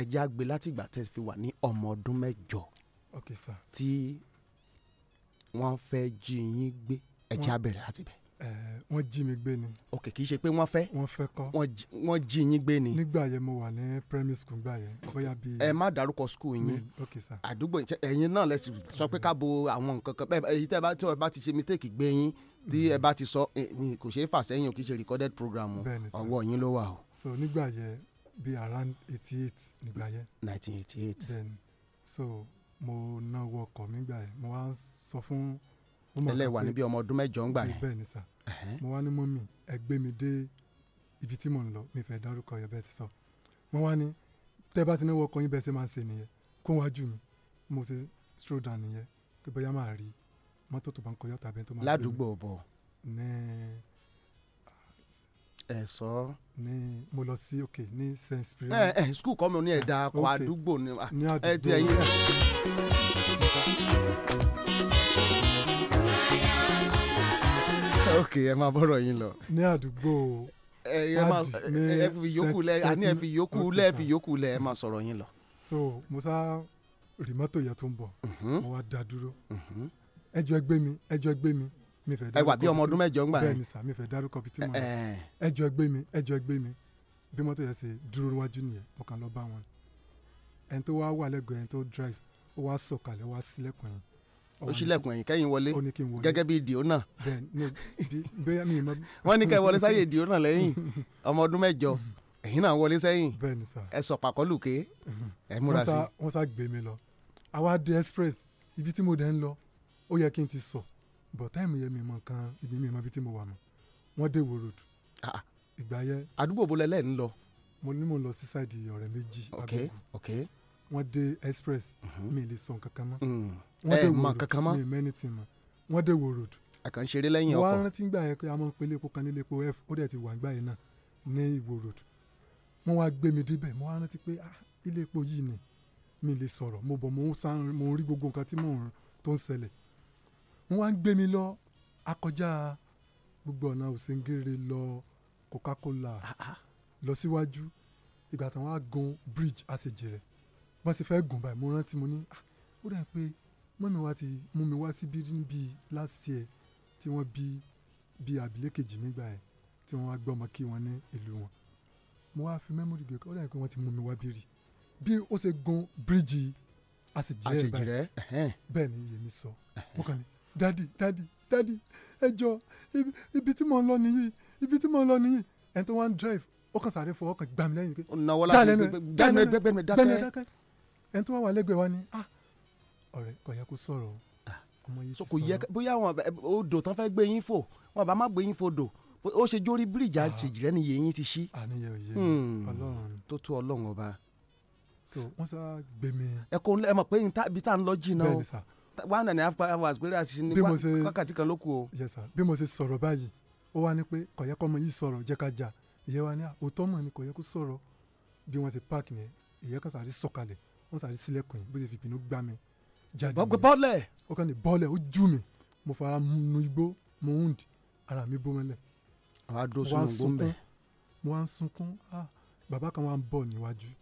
ẹ̀jẹ̀ àgbẹ̀ láti ìgbà tẹ fi wà ní ọmọ ọdún mẹ́jọ tí wọ́n fẹ́ jí yín gbé ẹ̀jẹ̀ abẹ́rẹ́ láti bẹ̀. wọ́n jí mi gbé ni. ok kì í ṣe pé wọ́n fẹ́. wọ́n fẹ́ kọ́. wọ́n jí yín gbé ni. nígbà yẹn mo wà ní primary school gbà yẹn bóyá bí. ẹ má dárúkọ school yín àdúgbò ẹ̀yin náà lẹ sọ pé ká bo àwọn nǹkan kan bẹ́ẹ̀ èyí tẹ́ ẹ bá ti ṣe mistake gbé yín tí mm. ẹ bá ti sọ kò ṣeé fà sẹ́yìn o kì í ṣe recorded program ọwọ́ yín ló wà o. so nígbà yẹn bí around eighty eight nígbà yẹn. nineteen eighty eight. then so mo na ọkọ̀ mi gbà yẹn mo wá sọ fún tẹ́lẹ̀ níbi ọmọ ọdún mẹ́jọ ń gbà yẹn bẹ́ẹ̀ ni sà mo wá ní mọ́mì ẹ gbé mi dé ibi tí mò ń lọ mi fẹ́ dárúkọ yẹn bẹ́ẹ̀ ti sọ mo wá ní tẹ́ bá ti náwó ọkọ̀ yín bẹ́ẹ̀ ṣe máa ń ṣe nìyẹn kó wájú mi mo ṣe stroll down nìyẹn pé bóyá máa rí mọ́tò tó bá ń kọjá tàbí tó máa rí mi ládùúgbò bọ̀ ẹ sọ. ni mo lọ sí òkè ní saint spirit. ẹ ẹ skul kọ́ mi ní ẹ̀dá akọ àdúgbò ni ẹ ti ẹ̀yin. ok ẹ máa bọ̀rọ̀ yín lọ. ní àdúgbò adi ní sẹ́tì ẹ fi yòókù lẹ ẹ fi yòókù lẹ ẹ máa sọ̀rọ̀ yín lọ. so mo sá rí mọ́tò yẹn tó ń bọ̀ mhm. mo wá dá dúró mhm. ẹjọ́ ẹgbẹ́ mi ẹjọ́ ẹgbẹ́ mi mi fẹ́ dárúkọ ẹ wà bí ọmọ ọdún mẹ́jọ ń gbà yẹn bẹ́ẹ̀ sà mi fẹ́ dárúkọ bíi tí mo yẹ ẹjọ́ gbé mi ẹjọ́ gbé mi bí mọ́tò yẹn ṣe dúró níwájú nìyẹn mo kàn lọ bá wọn ẹni tó wá wà lẹ́gbẹ̀ẹ́ ẹni tó drive ó wá sọ̀kalẹ̀ ó wá sílẹ̀kùn yẹn ó ṣílẹ̀kùn ẹ̀yìn kẹ́yìn wọlé gẹ́gẹ́ bí ìdìó náà. wọ́n ní kẹ́ wọlé sáyé ìdìó náà lẹ́yìn [LAUGHS] ọmọ ọdún mẹ́jọ ẹ̀yìn náà wọlé sẹ́yìn ẹ sọ pàkọ́lùké ẹ múra sí. wọ́n sá gbé mi lọ àwa dé express ibi tí mo dẹ̀ ń lọ ó yẹ kí n ti sọ. So but táìmù yẹn mi mọ nǹkan ibi mi mọ ibi tí mo wà mọ́ wọ́n dé wòròdù ah, ah. ìgbà yẹn. àdúgbò bo lẹ́lẹ́ ń lọ. mo ní mo lọ sí sáìdì ọ̀rẹ́ méjì agogo wọ́n dé express mhm. mi lè sọ nǹkan kan mọ́ mm. wọ́n dé wòròdù mi mẹ́ni tì mọ́ wọ́n dé wòròdù àkànṣeré lẹ́yìn ọkọ̀. wọ́n rántí gbà yẹn pé a máa ń pelé epo kan nílé f ó dẹ̀ ti wà gbà yẹn náà ní ìwò road wọ́n wá gbé mi débẹ̀ mo wá rántí pé ah, ilé epo yìí ni mi lè sọ̀rọ̀ mo bọ̀ mo ń rí gbogbo nǹkan tí mò ń tó ń ṣẹlẹ̀ wọ́n wá ń gbé mi lọ akọjá gbogbo ọ̀nà òsèǹgèrè lọ Coca-Cola ah, ah. lọ síwájú ìgbà tí wọ́n á gun bridge àṣejìrẹ̀ wọ́n sì fẹ́ gùn báyìí mo rántí mo ní ah, ó dà pé mọ́mi wa ti mú mi wá síbí níbi last year tí wọ́n bí bí abilé kejì mi gbà yẹn tí wọ́n wá gbọ́ ọmọ kí wọ́n ní ìlú wọn mo wá fi mẹ́mórì gbé kọ́ ó dà pé wọ́n ti mú mi wá bí bí ó ṣe gun bíríìjì àṣejìrẹ́ báyìí bẹ́ẹ̀ ni yèmí sọ mo kàn ní dadi dadi dadi ẹ jọ ibi tí mo ń lọ nìyí ibi tí mo ń lọ nìyí ẹni tó wá drive ó kàn sáré fọwọ́ kan gbà mí lẹ́yìn pé dálẹ́nu bẹ́ẹ̀ni dákẹ́ ẹni tó wá wà lẹ́gbẹ̀ẹ́ wa ni ah ọ̀rẹ́ kò yẹ kó sọ̀rọ̀ ah, ọmọ yìí ti sọ̀rọ̀. kò yẹ bóyá wọn odò tán fẹ́ gbé yín fò wọn bá má gbé yín fò dò ó ṣe jórí bíríìjì ah. àjèjì lẹ́nu yẹn yín ti ṣí. àníyàn òye hmm, ọlọ́run tó tó ọlọ́run ọba. so wọ́n sá gbé mi. ẹ kò ẹ mọ̀ pé ibi tá à ń lọ jìnnà o one and a half hours péré àti ní wákàtí kan ló kù o. yes sir bí mo ṣe sọ̀rọ̀ báyìí ó wá ní pé kò yẹ kọ́mọ yìí sọ̀rọ̀ jẹ́ ká jà ìyẹn wá ní òótọ́ mọ̀ ni kò yẹ kó sọ̀rọ̀ bí wọ́n ṣe páàkì yẹn ìyẹn kan sàrí sọ̀kalẹ̀ wọ́n sàrí sílẹ̀kùn yìí bó ṣe fi gbá mi jáde mi bọ́ọ̀lẹ̀ ó kàn ní bọ́ọ̀lẹ̀ ó jú mi mo fara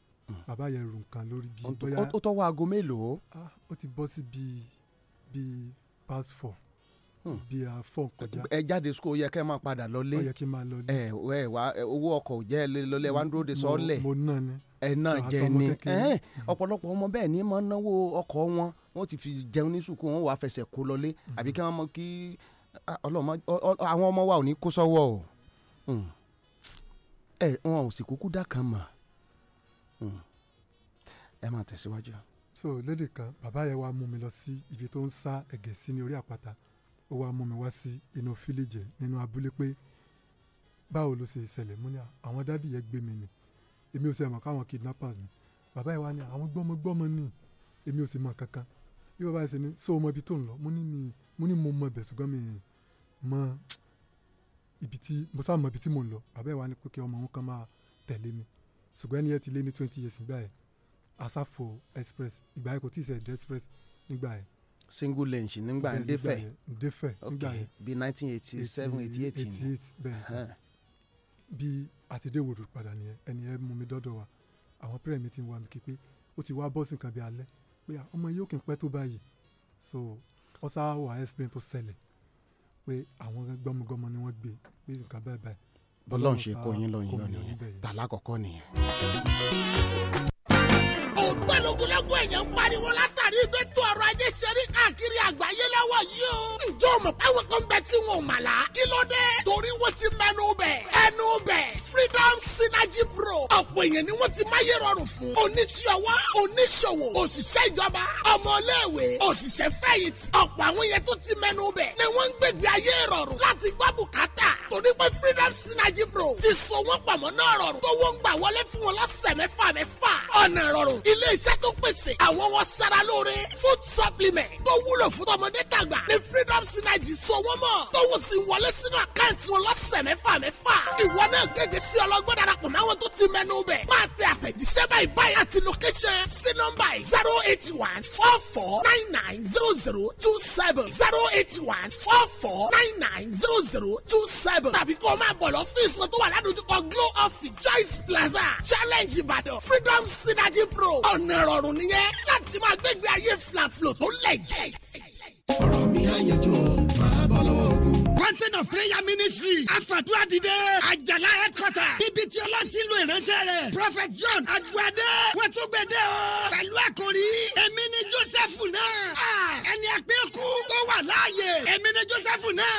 bàbá yẹn rù nǹkan lórí bíi bóyá ó tọ́wọ́ aago mélòó ó ti bọ́ sí bíi bíi past four hmm. bí a fọ kọjá. ẹ jáde sukú ó yẹ kẹ́ ẹ máa padà lọlé. ó yẹ kí n máa lọlé. ẹ ẹ wá owó ọkọ̀ jẹ́ ẹ lọlé wa ń dúró de sọ́ọ̀lẹ̀. mo náà ni. ẹ náà jẹ ni hmm. ọ̀pọ̀lọpọ̀ ọmọ bẹ́ẹ̀ ni máa ń náwó ọkọ̀ wọn wọ́n ti fi jẹun ní sukú wọn wà á fẹsẹ̀ kó lọlé hmm. àbí kí wọ́n mọ kí àwọn ọmọ wa ò ní kó sọ́wọ́ o. ẹ wọn ò sì kúkú dá kan mọ̀ ẹ máa tẹ̀síwájú so lédè kan bàbá yẹn wá mú mi lọ sí ibi tó ń sá ẹ̀gẹ̀ sí ní orí àpáta ó wá mú mi wá sí inú fílíjẹ nínú abúlé pé báwo ló ṣe ìṣẹ̀lẹ̀ mú ni àwọn dádì yẹn gbé mi nì èmi ò sì mọ̀ káwọn kidnappers ni bàbá yẹn wá ní àwọn gbọ́mọgbọ́mọ ni èmi ò sì mọ̀ kankan bí bàbá yẹn ṣe ní so ọmọ ibi tó ń lọ mo ni mi mo ní mo mọ ibẹ̀ ṣùgbọ́n mi mọ ibi tí mo sá mọ ibi tí mo ń lọ bàbá yẹn wá ní pé kí ọmọ òun kan máa tẹ̀lé mi ṣùgbọ́n ẹni yẹn ti lé ní twenty years nígbà asafo express ìgbà yẹn kò tí ì sẹ express nígbà yẹn. single lens nígbà yẹn ndefẹ ndefẹ nígbà yẹn bí nineteen eighty seven eighty eight eighty eight bẹ́ẹ̀ sẹ́ bí àtidéwòrò padà nìyẹn ẹni ẹ mú mi dọ́dọ̀ wa àwọn pẹ́rẹ́ mi ti wà mí képe ó ti wá bọ́ọ̀sì nǹkan bí alẹ́ pé ah, ọmọ yìí ó kì í pẹ́ tó báyìí so ọ̀sá wà explain tó ṣẹlẹ̀ pé àwọn gbọ́mọgbọ́mọ ni wọ́n gbé pé nǹkan bẹ́ẹ̀ bẹ́ẹ̀ bọ́lọ́n ṣe kó yín lọ́yìn lọ́nà tàlákọ̀kọ́ nìyẹn pẹ́ lógúnlógún èèyàn ń pariwo látàrí ibi tó ọrọ̀ ajé ṣẹ́rí káàkiri àgbáyé lọ́wọ́ yìí o. ǹjọ́ mọ̀ báwọn kan bẹ tí wọn ò mà kí ló dé? torí wọ́n ti mẹ́nu bẹ̀. ẹnu bẹ̀. free Adam Synergy Pro. Ọ̀pọ̀ èèyàn ni wọ́n ti máyé rọrùn fún. Oníṣòwò, oníṣòwò, òṣìṣẹ́ ìjọba, ọmọléèwé, òṣìṣẹ́ fẹ̀yìntì. Ọ̀pọ̀ àwọn yẹn tó ti mẹ́nu bẹ̀ ni wọ́n ń gbègbè ayé rọrùn láti gbọ́ bùkátà. Torí pé Freedom Synergy Pro ti so wọ́n pàmò náà rọrùn. Tó wọ́n gbà wọlé fún wọn lọ́sẹ̀ mẹ́fà mẹ́fà. Ọ̀nà rọrùn. Ilé iṣẹ́ tó pèsè àwọn wọn sara lóore. Food supplement tó wúlò fún tọmọdé tàgbà ni Freedom Synergy so wọ́n mọ̀. Tó wù sí wọlé sínú àkáǹtì wọn lọ́sẹ̀ mẹ́fà mẹ́fà. Ìwọ náà gbègbè sí ọ lọ́gbọ́n darapọ̀ máa wọ́n tó ti mẹ́nu bẹ̀. máa tẹ àtẹ̀jíṣẹ́ báyìí báyìí àti location sí nọ́mbà yìí zero eight one four four nine nine zero zero two seven zero eight one four four nine nine zero zero two seven. tàbí kó o máa bọ̀ lọ́fíìsì tó wà ládojúkọ Glo office Choice Plaza Challenge Ìbàdàn Freedom Synergy Pro ọ̀nà ìrọ̀rùn nìyẹn láti máa gbégbé ayé flaflo tó lẹ̀ jẹ́. ọ̀rọ̀ mi á yẹ jù fountain of prayer ministry àfàdúrà dìde àjàlá headquarter ibi tí ọlọ́run ti ń lo ìránṣẹ́ rẹ̀ prophet john agbadé wọ́n tún gbẹdẹ́ o pẹ̀lú àkòrí èmi ni joseph náà ẹni àpékù tó wà láàyè èmi ni joseph náà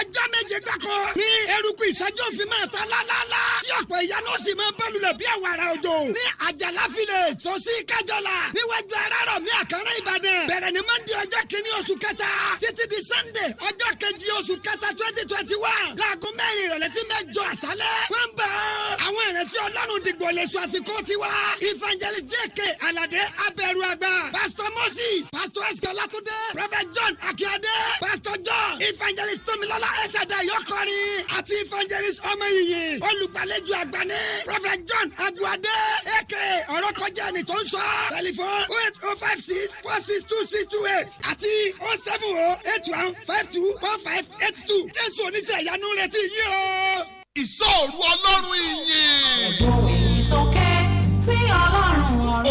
ọjọ́ méje gbàkọ ní eruku ìṣẹ́jú òfin máa ta lálálá tí ọ̀pọ̀ ìyanu sì máa bẹ́lú lẹ̀ bí àwàrà òjò ní àjàlá village tòsí kájọlá níwájú arárọ̀ mi àkàrà ìbàdàn bẹ̀rẹ̀ ní monday ọjọ́ kìíní oṣù kẹta títí di sunday ọjọ́ kejì oṣù k kẹta twenty twenty one láago mẹ́rin ìrọ̀lẹ́ sí mẹ́jọ àṣálẹ́ wọ́n ń bẹ̀ ọ́. àwọn ìrẹsì ọlọ́run dìgbò lè sọ àsìkò tiwa evangelist jk alade abẹ́rù àgbà pastor moses pastor ẹ̀sìkẹ́ látúndé prophet john akíade pastor john evangelist tomilola ẹ̀sẹ̀dá yọkọrin àti evangelist ọmọ yìnyín olùgbàlejò àgbà ní prophet john aduade aka ọ̀rọ̀ kọjá ẹni tó ń sọ. tẹlifon eight oh five six four six two six two eight àti oh seven oh eight one five two four five eight two. jésù oníṣẹ́ ìyanu retí yìí o. ìsọ̀rù ọlọ́run ìyìn. ẹ̀bùn ìyìn sókè ọlọ́run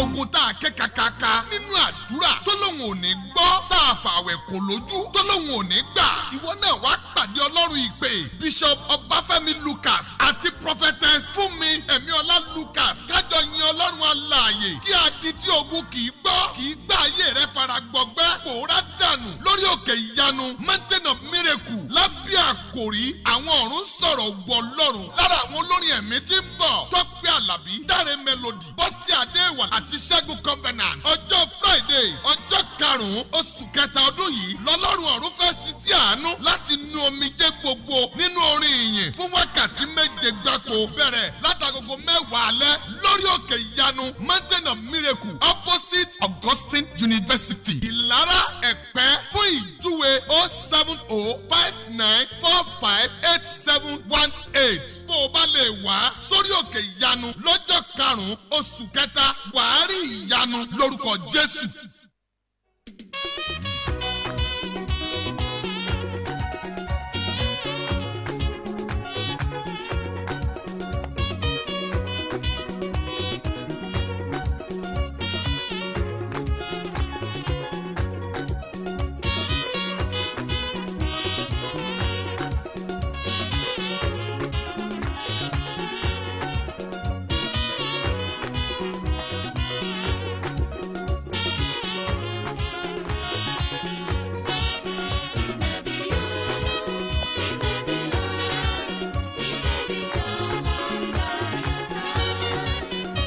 ogun tá a ké kakaka nínú àdúrà tó lóun ò ní gbọ́ tá a fàwẹ̀ kò lójú tó lóun ò ní gbà ìwọ náà wá pàdé ọlọ́run ìpè bishop ọbáfẹ́mi lucas àti prophetess fúnmi ẹ̀mí ọlá lucas kájọ yin ọlọ́run alààyè kí adití ogun kì í gbọ́ kì í gbà ayé rẹ fara gbọgbẹ́ pòórá dànù lórí òkè ìyanu mountain of miracle lábẹ́ àkòrí àwọn ọ̀run sọ̀rọ̀ wọ ọlọ́run lára àwọn olórin ẹ̀mí tí ń bọ̀ tọ́pẹ́ alábí dáre melody bọ́sí adéwà àti ti ṣẹ́gun covenant ọjọ́ friday ọjọ́ karùn-ún oṣù kẹta ọdún yìí lọ́lọ́run ọ̀run fẹ́ sí sí àánú láti nu omijé gbogbo nínú orin ìyìn fún wákàtí méje gbáko bẹ̀rẹ̀ látàgógó mẹ́wàá alẹ́ lórí òkè ìyanu mountain of miracle opposite augustine university ìlara ẹ̀pẹ́ fún ìjúwe o oh seven oh five nine four five eight seven one eight bó o bá lè wá sórí òkè ìyanu lọ́jọ́ karùn-ún oṣù kẹta wàá wàá rí ìyanu lórúkọ Jésù.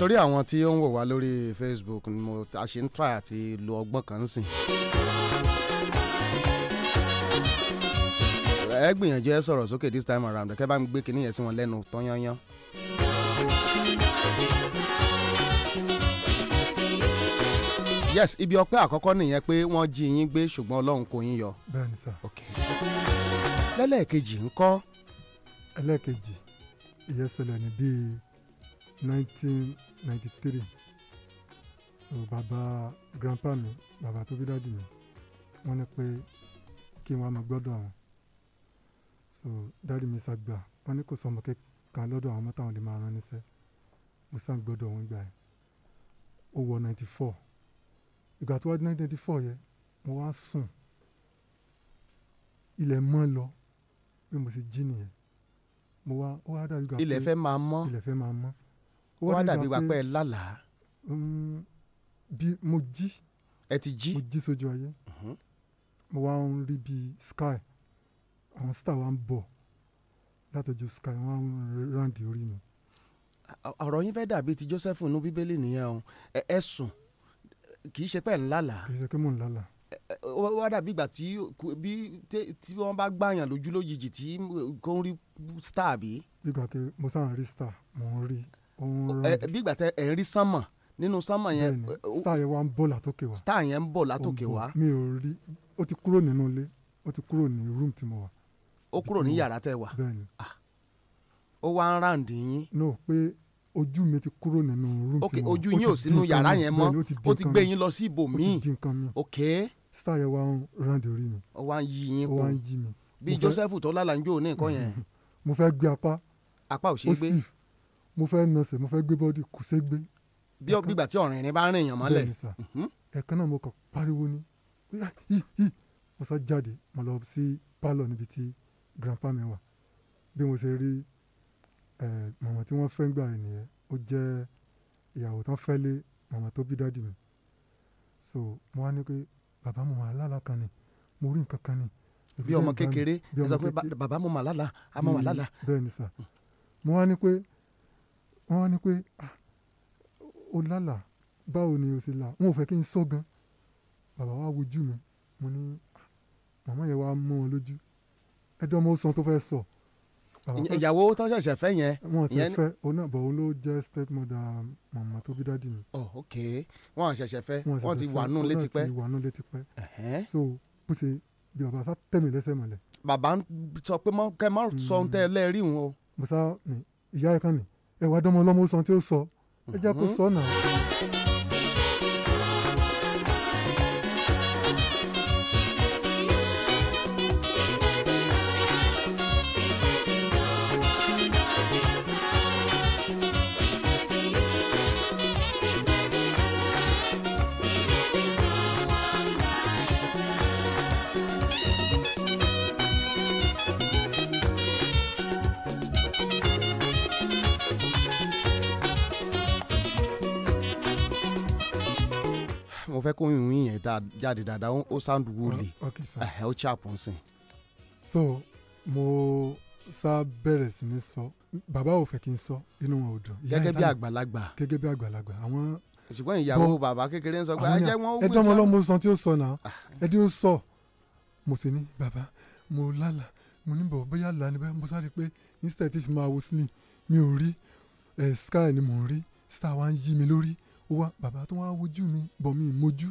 torí àwọn tí ó ń wò wá lórí Facebook mo a ń try àti lo ọgbọ́n kan sìn. ẹ gbìyànjú ẹ sọ̀rọ̀ sókè this time around kẹ́ bá ń gbé kinní yẹn sí wọn lẹ́nu tán yányán. yes ibi ọpẹ́ àkọ́kọ́ nìyẹn pé wọ́n jí yín gbé ṣùgbọ́n Ọlọ́run kò yín yọ. bẹ́ẹ̀ni sá. ok lẹ́lẹ́kejì ń kọ́. ẹlẹ́kejì ìyẹn ṣẹlẹ̀ bíi nineteen 93. so Baba grandpa mi Baba tó bí dáàdì mi wọ́n ní pé kí wọ́n máa gbọ́dọ̀ àwọn so dáàdì mi ṣàgbà wọ́n ní kò sọmọ kankan lọ́dọ̀ àwọn ọmọ táwọn lè máa rán níṣẹ́ mo sàn gbọ́dọ̀ wọn gbà ẹ̀ ó wọ ninety four ìgbà tó wá dé ninety four yẹn mo wá sùn ilẹ̀ mọ́ lọ bí mo ṣe jí nìyẹn mo wá ó wá dàbí gbà pé ilẹ̀ fẹ́ máa mọ́ ilẹ̀ fẹ́ máa mọ́ wọ́n dàbí wa pé ẹ lálàá. Mm, bí mo jí. ẹ ti jí. mo jí sójú ayé. Mhm. mo wá ń rí bí sky àwọn star wa ń bọ̀ látọjú sky wọ́n ń ráǹdì orí mi. ọ̀rọ̀ yín fẹ́ dàbí ti Joseph nínú bíbélì nìyẹn o ẹ sùn kì í ṣe pé ń lálàá. kì í ṣe pé mò ń lálàá wọ́n dàbí ìgbà tí bí tí wọ́n bá gbàyàn lójú lójijì tí kò ń rí star bí. bí gbàgbé mo sáà ń rí star mo ń rí bí ìgbà tẹ ẹ rí sánmọ̀ nínú sánmọ̀ yẹn. star yẹn wá ń bọ̀ látòkè wá. star yẹn ń bọ̀ látòkè wá. mi ò rí ó ti kúrò nínú ilé o ti kúrò ní room tí mo wà. ó kúrò ní yàrá tẹ wà. bẹ́ẹ̀ni. ó wá ń ráǹdì yín. no pé ojú mi ti kúrò nínú room tí mo wà. ok ojú yín ò sínú yàrá yẹn mọ́ ó ti gbé yín lọ sí ibòmíì. ó ti di nǹkan mi. ok. star yẹn wá ń ráǹdì orí mi. ó wá ń yí yín kú. ó wá ń yí mi. bí Joseph tó lálàá ń jó ní nǹkan yẹn. [LAUGHS] mo fẹ́ gbé apá. apá ò ṣeé gbé. ó sì mo fẹ́ nọsẹ̀ mo fẹ́ gbé bọ́dì kò ṣe gbé. bí gbígbà tí ọ̀rìn ni bá rìn èèyàn mọ́lẹ̀. bẹ́ẹ̀ni sà mhm. ẹ̀kan náà mo kàn pariwo ni mo sá jáde mo lọ sí pálọ̀ níbi tí grandpa mi wà bí mo ṣe rí màmá tí wọ́n fẹ́ gbà nìyẹn ó jẹ́ ìyàwó tán fẹ́ lé màmá tó bí dádì mi so mo wá ní pé bàbá mo máa lálàá kan ni mo rí nǹkan kan ni. bí ọmọ kékeré ẹ sọ pé bàbá mo máa lálàá a máa máa lálàá. bẹ́ẹ̀ni sà mhm. mo wá ní pé wọ́n wá ní pé ah o lálà báwo ni o ṣe là wọn ò fẹ́ kí n sọ gan bàbá wa wojú mi mo ní màmá yẹn wá mọ́ wọn lójú ẹjọ́ mo sàn tó fẹ́ sọ. ìyàwó tó ṣẹ̀ṣẹ̀ fẹ́ yẹn. wọn ṣe fẹ́ òun náà bọ̀ òun ló jẹ́ step mother màmá tó bí dáàdì mi. ọ oh, ok wọn ṣẹ̀ṣẹ̀ fẹ́ wọn ti wà nù létí pẹ́. wọn ti wà nù létí pẹ́ so bó ṣe bí bàbá sá tẹ̀mí lẹ́sẹ̀ mọ́lẹ̀. bàbá sọ pé kẹ́ má sọ hmm. ohun tẹ́ ẹ lẹ́ẹ̀rí òun o. mo sá ìyá ẹ̀ kan ni ẹ̀wà dánmọ́ ọlọ́mọ sàn tí ó sọ ẹ jẹ́ kó mhm. sọ náà. mo fẹ́ kó yìnyín yẹn jáde dáadáa ó sound wọlé ẹ̀ ó chap ń sìn. so mo sá bẹ̀rẹ̀ sí ní sọ bàbá ò fẹ́ kí n sọ inú wọn ò dùn. gẹ́gẹ́ bí àgbàlagbà. gẹ́gẹ́ bí àgbàlagbà àwọn. ṣùgbọ́n ìyàwó bàbá kékeré ń sọ pé ajẹ́ wọn ó gbé. ẹjọ́ ọmọlọ́mọ sàn tí ó sọ náà ah. ẹdí ó sọ mo sì ní bàbá mo lálà mo ní bọ̀ bóyá lálẹ́ bẹ́ẹ̀ mo sáré pé instead tí mo máa wo slim mi ò rí eh, sky ni mo ń rí star wa ń yí mi lórí ó wá bàbá tó wá wojú mi bọ̀ mi mójú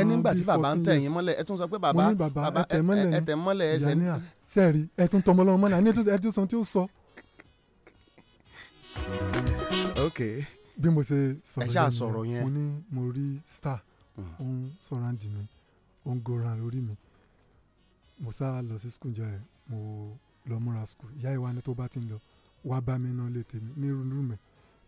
ẹ nígbà tí bàbá ń tẹ̀yìn mọ́lẹ̀ ẹ tún sọ pé bàbá bàbá ẹ tẹ̀ mọ́lẹ̀ ẹsẹ̀ ní. sẹ́ẹ̀rì ẹ tún tọmọ lọ́wọ́ mọ́lẹ̀ àní ẹ tún sọ tí ó sọ. bí mo ṣe sọ̀rọ̀ yẹn mo ní mo rí star hmm. ó ń sọ̀rọ̀ àǹdí mi ó ń goran lórí mi mo sá lọ sí skul jọ ẹ mo lọ múra skul ìyá ìwà ni tó bá ti ń lọ wá bá mi náà lè tèmi ní rúmẹ̀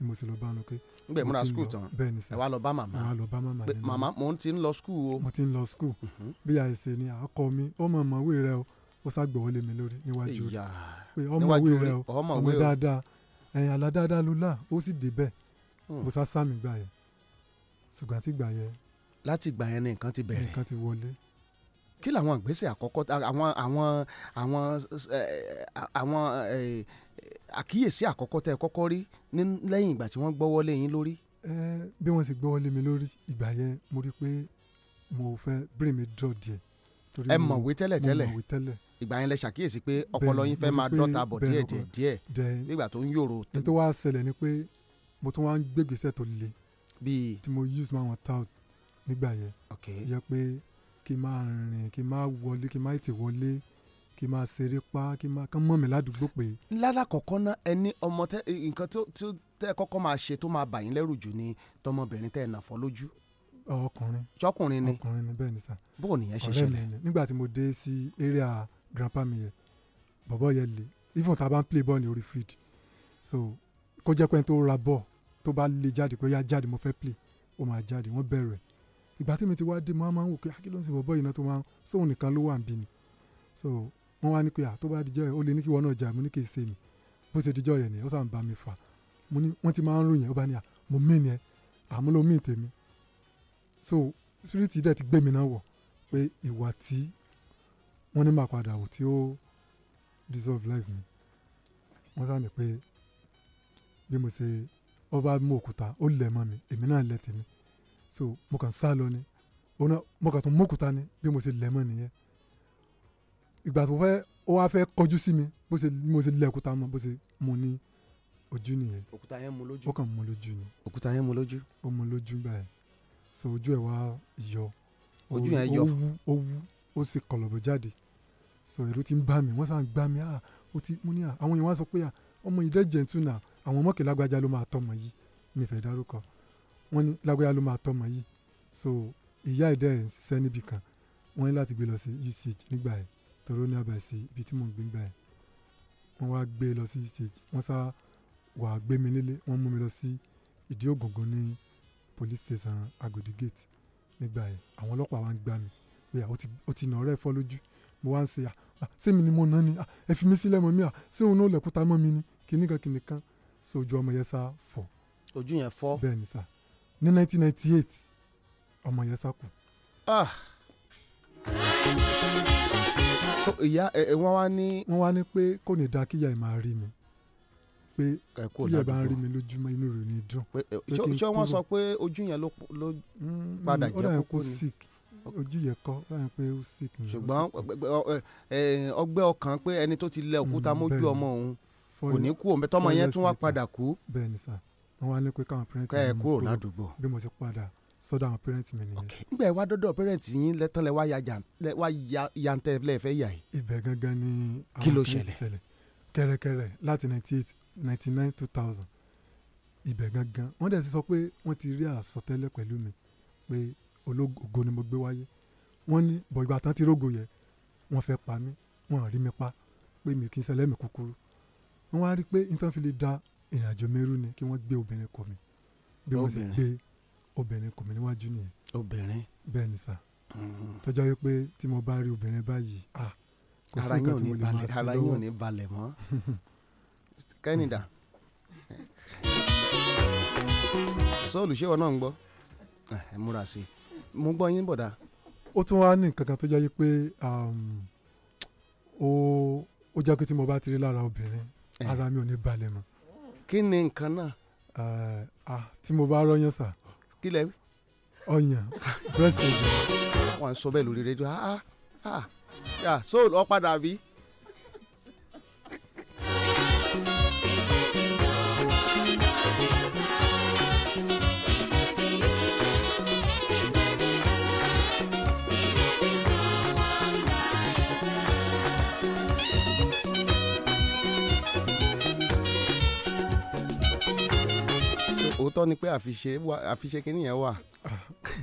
ni mo sì lọ bá wọn pé. ngbẹ múra skul tán bẹ́ẹ̀ ni sẹ ẹ wá lọ bá màmá ẹ wá lọ bá màmá nínú màmá mò ń ti ń lọ skul o. mo ti ń lọ skul mm-hmm. bí a ṣe ni àkọ mi ó mọ̀ mọ̀wé rẹ o ó ṣàgbọ̀wọ́ lé mi lórí níwájú rẹ pé ọmọwé rẹ o ọmọ dáadáa ẹ̀yìn aládáadáa ló là ó sì débẹ̀ hmm. mo sá sámi gbà yẹn ṣùgbọ́n àti gbà yẹn. láti gbà yẹn ni nǹkan ti bẹ̀rẹ̀ nǹkan ti wọlé kí làwọn ìgbésẹ̀ àkọ́kọ́ àwọn àwọn àwọn àwọn àkíyèsí àkọ́kọ́ tẹ́ ẹ kọ́kọ́ rí lẹ́yìn ìgbà tí wọ́n gbọ́wọ́ lé yín lórí. ẹ bí wọ́n sì gbọ́wọ́ lé mi lórí ìgbà yẹn mo rí i pé mo fẹ́ brain mi dọ̀ díẹ̀. ẹ mọ̀wé tẹ́lẹ̀ tẹ́lẹ̀ mo mọ̀wé tẹ́lẹ̀ ìgbà yẹn lẹ ṣàkíyèsí pé ọpọlọ yín fẹ́ máa dọ́ta bọ̀ díẹ̀ díẹ̀ díẹ̀ nígbà tó ń yòrò. ní tó wá ṣẹlẹ̀ ni pé mo tún wá ń gbégbèsè tó le. bíi tí mo use my one thousand nígbà yẹn. ok yẹ pé kí n máa rìn kí n máa wọlé kí n máa tètè wọlé kí n máa ṣeré pa kí n máa kán mọ̀ mí ládùúgbò pé. lára kọ̀ọ̀kan náà ẹni ọmọ tẹ nǹkan tó tẹ kọ́kọ́ máa ṣe tó máa bà yín lẹ́rù jù ni tọmọbìnrin tẹ ẹ̀ nàfọ́ lójú. ọkùnrin ṣọkùnrin ni ọkùnrin ni bẹ́ẹ̀ ni sà. bó o nìyẹn ṣe ṣẹlẹ̀ ọ̀rẹ́ mi nígbà tí mo dé sí area grandpa mi yẹn bọ̀bọ̀ yẹn le even tá bá ń play ball ní orí field so kó jẹ́ pé tó ra ball tó bá le jáde pé yá jáde mo fẹ́ play ó máa jáde wọ́n bẹ̀rẹ̀ ìgbà tí mi ti wá dé mo máa ń wò pé ah, kí ló ń ṣe bọ̀bọ̀ yìí náà tó máa ń sóhun nìkan ló wà ń bí ni so wọ́n wá ní pé à ah, tó bá dijọ́ yẹn ó lè ní kí wọ́n náà jà mo ní kì í ṣe mi bó ṣe dijọ́ yẹn ni ó sàn bá mi fà mo ní wọ́n ti máa ń ròyìn ó bá ní ah, à mo mìn yẹn àmọ́ ló mìn tèmi so spirit dẹ̀ ti gbé mi náà wọ̀ pé ìwà tí wọ́n ní máa padà wò tí ó dissolve life mi wọ́n sá ní pé bí mo ṣe ọba mú òkúta ó lẹ̀ mọ́ mi èmi náà lẹ̀ tèmi so mo kàn sá lọ ni òun mo kàn tún mókúta ni bí mo ṣe lẹ̀ mọ́ nìyẹn ìgbà tó fẹ́ ó wá fẹ́ kọjú sí mi bó ṣe mo ṣe lẹ̀ òkúta mọ́ bó ṣe mo ní ojú nìyẹn òkúta yẹn mo lójú ó kàn mo lójú ni òkúta yẹn mo lójú ó mo lójú báyìí so ojú ẹ̀ wá yọ ojú yẹn yọ ó wú ó wú ó jáde so ẹ̀rù ti ń bá mi wọ́n sàn gbá mi ah ó ti mú ní à ah, àwọn yẹn wá sọ pé à ah, ọmọ yìí dẹ́ jẹ̀ntúnà àwọn mọ́kìlágbájá ló máa tọ́ ọmọ yìí mi fẹ́ dárúkọ wọ́n ní lágbáyà ló máa tọ́mọ yìí so ìyá ìdá ẹ̀ ń ṣiṣẹ́ níbì kan wọ́n ní láti gbé lọ sí UCH nígbà yẹn tọ́rọ ní àbàṣe ibi tí mò ń gbé gbà yẹn wọ́n wá gbé lọ sí UCH wọ́n sá wàá gbé mi nílé wọ́n mú mi lọ sí ìdí ògùngùn ní police station Agodi gate nígbà yẹn àwọn ọlọ́pàá wa ń gbá mi pé ó ti nà ọ̀rẹ́ fọ́ lójú mo wá ń ṣe à sẹ́mi ni mo ná ni ẹ fi mi sílẹ̀ mọ́ mi à ṣé òun náà lẹ̀kúta mọ́ mi ni kìnnìkan kìnnìkan ṣe ojú ọmọ yẹn sá fọ́ ojú yẹn fọ́ bẹ́ẹ̀ ni sá ní 1998 ọmọ yẹn sá kú. Ah. so ìyá ẹ ẹ wọ́n wá ní. wọ́n wá ní pé kò ní da kíyà ẹ̀ máa rí mi pé tíyẹ̀ bá ń rí mi lójúmọ́ inú rẹ̀ ò ní dùn. ṣé wọ́n sọ pé ojú yẹn ló mm, padà jẹ́ kókó ni. ó dà yẹn kó sick ojú yẹn kọ́ ó dà pé ó sick ni. ṣùgbọ́n ọgbẹ́ ọkàn pé ẹni tó ti lẹ òkúta mójú mm, ọmọ òun kò ní kú òun bẹ́ẹ̀ tọ́mọ yẹn tún wá padà kú. bẹ́ẹ̀ ni wọ́n wá ní pé káwọn parent mi kọ́ ẹ kúrò ládùúgbò bí mo ti padà sọ́dọ̀ àwọn parent mi nìyẹn. ok ngbà ẹ wá dọ́dọ̀ parent yín lẹ́tàn lẹ́ wá ya yantẹ́ lẹ́ẹ̀fẹ́ yà yìí. ibẹ̀ gangan ni àwọn parent ṣẹlẹ̀ kẹ́rẹ́kẹ́rẹ́ láti ninety eight ninety nine two thousand ibẹ̀ gangan wọ́n dẹ̀ ti sọ pé wọ́n ti rí àsọtẹ́lẹ̀ pẹ̀lú mi pé ológo ni mo gbé wáyé wọ́n ní bọ̀ ìgbà tán ti rógo yẹ wọ́n fẹ́ pa mí wọ́n rí mi pa pé mi kì í ṣẹlẹ̀ mi kúkúrú wọ́n wá rí pé nǹkan fi lè da ìrìnàjò mẹ́rù ni kí wọ́n gbé obìnrin kọ̀ mí bí wọ́n sì gbé obìnrin kọ̀ mí níwájú nìyẹn. obìnrin. bẹ́ẹ̀ ni sà tọ́já yìí pé tí mo bá rí obìnrin báyìí ah kò sí nǹkan tí mo lè máa sí lọ́wọ́ ara yóò ní balẹ̀ mọ́ [LAUGHS] kẹ́nìdà. sọ́ọ̀lù ṣé wọn náà ń gbọ́ eh, ẹ múra sí i mo gbọ́ yín bọ̀dá. ó tún wá ní nǹkan kan tó jẹ́ pé um, ó jẹ́ pé tí mo bá ti rí lára obìnrin eh. ara mi ò ní balẹ̀ mọ́ kí ni nǹkan náà. Eh, ah tí mo bá rọyàn sà. kí lẹ wí. ọyàn breast surgery. wọn sọ bẹ́ẹ̀ lórí rédíò ah ah ah, ah so ọ padà bí. òótọ́ ni pé àfiṣe kínní yẹn wà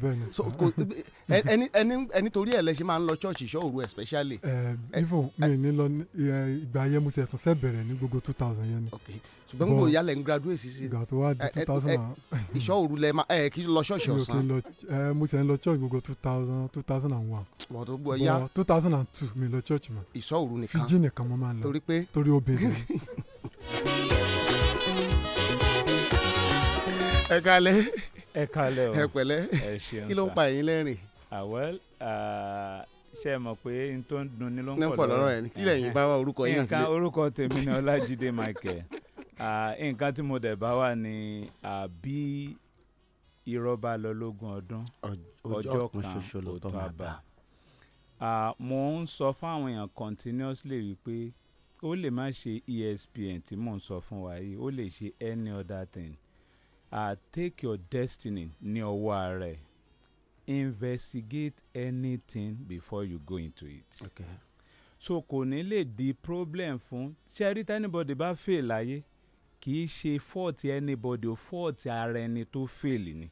bẹ́ẹ̀ni so ko ẹni ẹni ẹni torí ẹ lẹsẹ máa ń lọ ṣọ́ọ̀ṣì ṣọ́ọ̀rù especially. ẹ ivo mi ni lọ ìgbà yẹn mo ṣe ẹtún ṣe bẹ̀rẹ̀ ní gbogbo two thousand yẹn ni. ok ṣùgbọ́n gbogbo ìyá lẹ̀ ń graduate sí sí. ìgbà tó wá di two thousand. ìṣọ́ọ̀rù lẹ ma ẹ kì í lọ ṣọ́ọ̀ṣì ọ̀sán. mo ṣe ń lọ ṣọ́ọ̀ṣì gbogbo two thousand two thousand and one. wọ́n tó gbọ́ ya two thousand and two mi lọ ṣọ́ọ̀ṣì mọ́. ìṣọ́ọ̀rù nìkan fíjì nìkan mo máa ń lọ torí pé torí obìnrin. [LAUGHS] ẹ kalẹ̀ ẹ kalẹ̀ o ẹ pẹ̀lẹ́ kí ló ń pa yín lẹ́rìn. àwẹ̀ ah, ah, ṣe mọ̀ pé n tó ń ni ló ń pọ̀ lọ́rọ̀ ẹ̀ kí lẹ́yìn bá wa orúkọ yín àti. nǹkan orúkọ tèmi ni ọlájídé michael ah, nǹkan tí mo dẹ̀ bá wà ní àbí ìrọba lọ lógún ọdún ọjọ́ kan ṣoṣo ló mo ń sọ fún àwọn èèyàn continuously wípé ó lè má ṣe ESPN tí mò ń sọ fún wa yìí ó lè ṣe any other thing uh, take your destiny ní ọwọ́ ara investigate anything before you go into it. Okay. so kò ní lè di problem fún ṣẹ́rí tí anybody bá fail láyé kì í ṣe fault anybody o fault ara ẹni tó fail ni.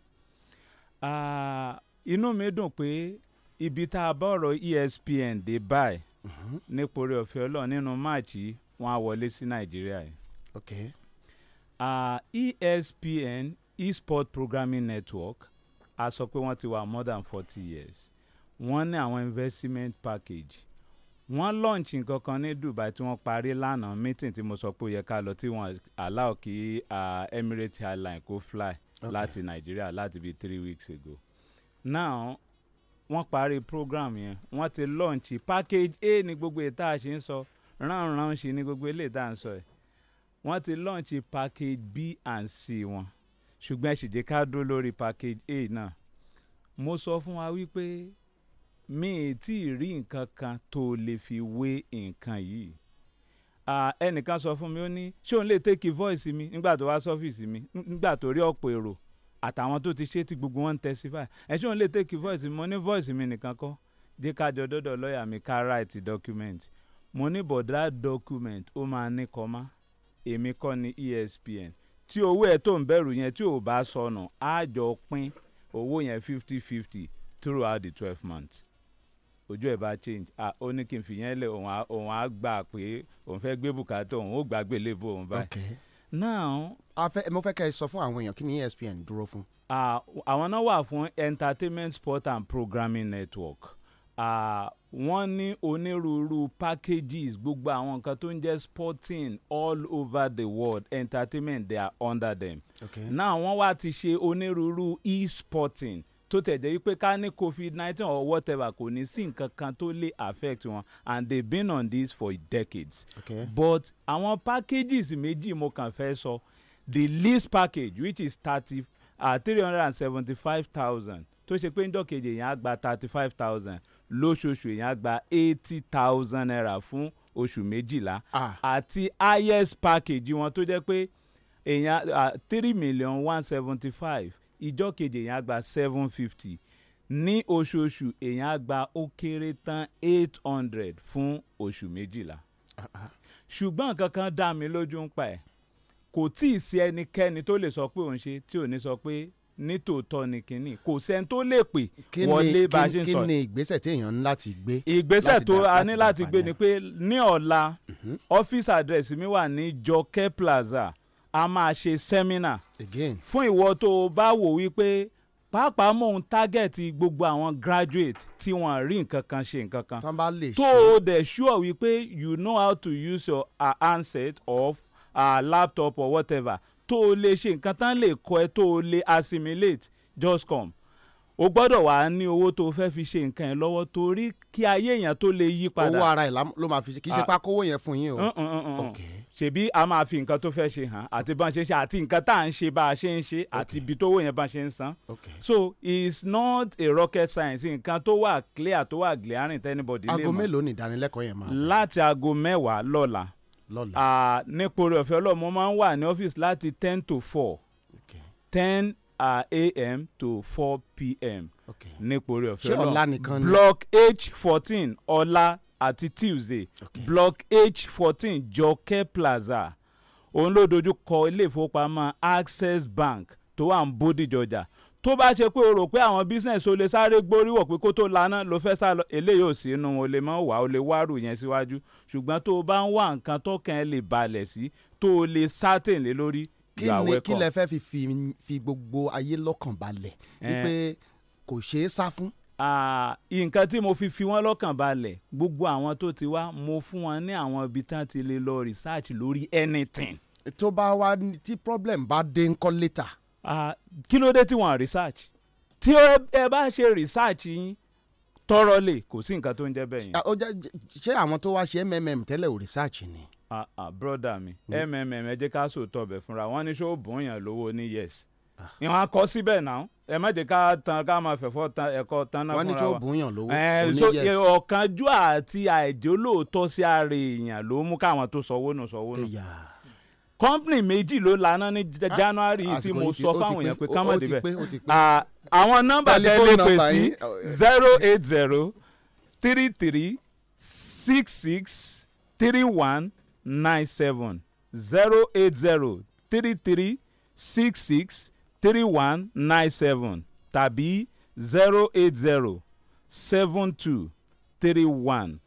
Uh, inú mi dùn pé ibi tá a bá ọ̀rọ̀ ESPN dé báyìí mhm. nípòrí ọ̀fẹ́ ọlọ́run nínú máàcì wọn á wọlé sí nàìjíríà yìí. Okay our ESPN eSport Programming Network a sọ pé wọ́n ti wà more than forty years wọ́n ní àwọn investment package wọ́n launch nǹkan kan ní Dubai tí wọ́n parí lánàá meeting tí mo sọ pé ó yẹ ká lọ tí wọ́n allow kí uh, Emirates airline kó fly okay. láti Nigeria láti bíi three weeks ago now wọ́n parí program yẹn wọ́n ti launch package a ní gbogbo ètà àṣẹ ń sọ ránranṣe ní gbogbo eléyìí tá ń sọ yìí wọ́n ti launch package b and c wọn ṣùgbọ́n ẹ sì jẹ́ ká dúró lórí package a náà mo sọ fún wa wípé mi ì tí ì rí nǹkan kan tó lè fi wé nǹkan yìí ẹnìkan sọ fún mi ó ní ṣé òun lè take voice mi nígbà tó wá sọ́fíìsì mi nígbà tó rí ọ̀pọ̀ èrò àtàwọn tó ti ṣe tí gbogbo wọn ń testify ẹ ṣé òun lè take voice mi mo ní voice mi nìkan kọ́ jẹ́ ká jọ dọ́dọ̀ lọ́ọ̀yà mi ká write document mo ní bọ̀dá document ó máa ní kọ́má èmi kọ́ ni ESPN tí owó ẹ̀ tó ń bẹ̀rù yẹn tí ò bá sọnù á jọ pín owó yẹn fifty fifty throughout the twelve months ojú ẹ̀ bá change ah ó ní kí n fìyẹn lẹ̀ òun á gbà pé òun fẹ́ gbé bùkátà òun ó gbàgbé lébo òun báyìí. okay now. a fẹ́ mo fẹ́ kẹ́ ẹ sọ fún àwọn èèyàn kí ni ESPN dúró fún. àwọn náà wà fún entertainment sport and programming network wọ́n ní onírúurú packages gbogbo àwọn nǹkan tó ń jẹ́ sporting all over the world entertainment they are under them. Okay. now wọ́n wá ti ṣe onírúurú e-sporting tó tẹ̀jẹ́ wípé ká ní covid nineteen or whatever kò ní sí nǹkan kan tó lè affect wọn and they been on this for decades. Okay. but àwọn packages méjì mo kàn fẹ́ sọ the least package which is thirty uh, three hundred and seventy-five thousand tó ṣe pé ń dọ̀kejì yẹn á gba thirty-five thousand lóṣooṣù èèyàn gba eighty thousand naira fún oṣù méjìlá àti highest package wọn tó jẹ́ pé èèyàn three million one seventy five ìjọ kejì èèyàn gba seven fifty ní oṣooṣù èèyàn gba ó kéré tán eight hundred fún oṣù méjìlá ṣùgbọ́n kankan dá mi lójú ń pa ẹ̀ kò tí ì sí ẹnikẹ́ni tó lè sọ pé òun ṣe tí ò ní sọ pé nítòótọ́ ni kínní kò sẹ́ni tó lè pè wọlé bá a ṣe ń sọ. kí ìgbésẹ̀ tí èèyàn ń láti gbé. ìgbésẹ̀ tó a ní láti gbé ni pé ní ọ̀la mhm. ọ́fíìsì address mi wà ní Jọkẹ́ Plaza a máa ṣe sẹ́mínà fún ìwọ tó o bá wò wípé pàápàá mò ń tágẹ̀tì gbogbo àwọn graduate tí wọ́n rí nǹkan kan ṣe nǹkan kan tó o dẹ̀ sure wípé you know how to use your uh, handset or uh, laptop or whatever tó o lè ṣe nǹkan tán lè kọ́ ẹ tó o lè assimilate just come o gbọ́dọ̀ wà ní owó tó o fẹ́ fi ṣe nǹkan yẹn lọ́wọ́ torí kí ayé èèyàn tó lè yí padà. owó ara ẹ̀ ló máa fi ṣe kì í ṣe ah. pa kówó yẹn fún yín o. Mm, mm, mm, ṣebí a máa fi nǹkan tó fẹ́ ṣe hàn àti bá a ṣe ń ṣe àti nǹkan tá à ń ṣe bá a ṣe ń ṣe àti ibi tówó yẹn bá a ṣe ń san. so it's not a rocket science nǹkan tó wà clear tó wà glaring to anybody. aago mélòó ni ìdánilẹ́kọ̀ọ́ yẹn máa. láti aago mẹ́wàá lọ́la lọ́la. nípò rẹ̀ ọ̀fẹ́ ọlọ́run mo máa ń wà ní ọ́fíìsì láti ten to four ten a.m. to four p.m. Okay. nípò rẹ̀ ọ̀fẹ́ ọlọ́run block h fourteen ọ̀la àti tuesday block h fourteen jọkẹ́ plaza òun ló dojú kọ ilé ìfowópamọ́ access bank tó wà ní bódìjọjà tó bá ṣe pé o rò pé àwọn business o lè sáré gboríwọ̀ pé kó tó laná ló fẹ́ sá lọ eléyìí ò sí inú o lè mọ̀ wá o lè wárù yẹn síwájú ṣùgbọ́n tó o bá ń wá nǹkan tó kàn ẹ́ lè balẹ̀ sí tó o lè sátìn lé lórí ìyàwó ẹ̀kọ́. kí lẹ fẹ́ fi fi gbogbo ayé lọ́kàn balẹ̀ eh. wípé kò ṣeé sá fún. nǹkan tí mo fi fi wọ́n lọ́kàn balẹ̀ gbogbo àwọn tó ti wá mo fún wọn ní àwọn ibi tá ti lè lọ research lórí anything. tó bá wá tí problem bá dé ńkọ́ later Ah, kí ló dé tí wọ́n research tí ẹ bá ṣe research yín tọrọ lè kò sí nǹkan tó ń jẹ́ bẹ́ẹ̀ yẹn. Ah, ṣé àwọn tó wá ṣe mmm tẹ́lẹ̀ ò research ni. ah ah broda mi mmm ẹ jẹ́ ká sòótọ́ ọbẹ̀ fúnra wọn ní ṣó bóyá lówó ní yes ìwọ̀n ah. akọ síbẹ̀ náà ẹ má jẹ́ ká tan ká máa fẹ̀fọ́ tan ẹ̀kọ́ tan náà fúnra wa. wọ́n ní tó bùnyàn lówó eh, ní yẹs. Eh, ọ̀kánjúà àti àìjólóòótọ́ sí ara èèyàn ló mú káwọn tó sọ̀wọ́nù sọ̀wọ́nù company méjì ló lana ní ah, january tí mo sọ fáwọn yẹn pé kámọ̀ débẹ̀ ah, àwọn nọ́mbà tẹ́ lè pè sí zero eight zero three three six six three one nine seven zero eight zero three three six six three one nine seven tàbí zero eight zero seven two three one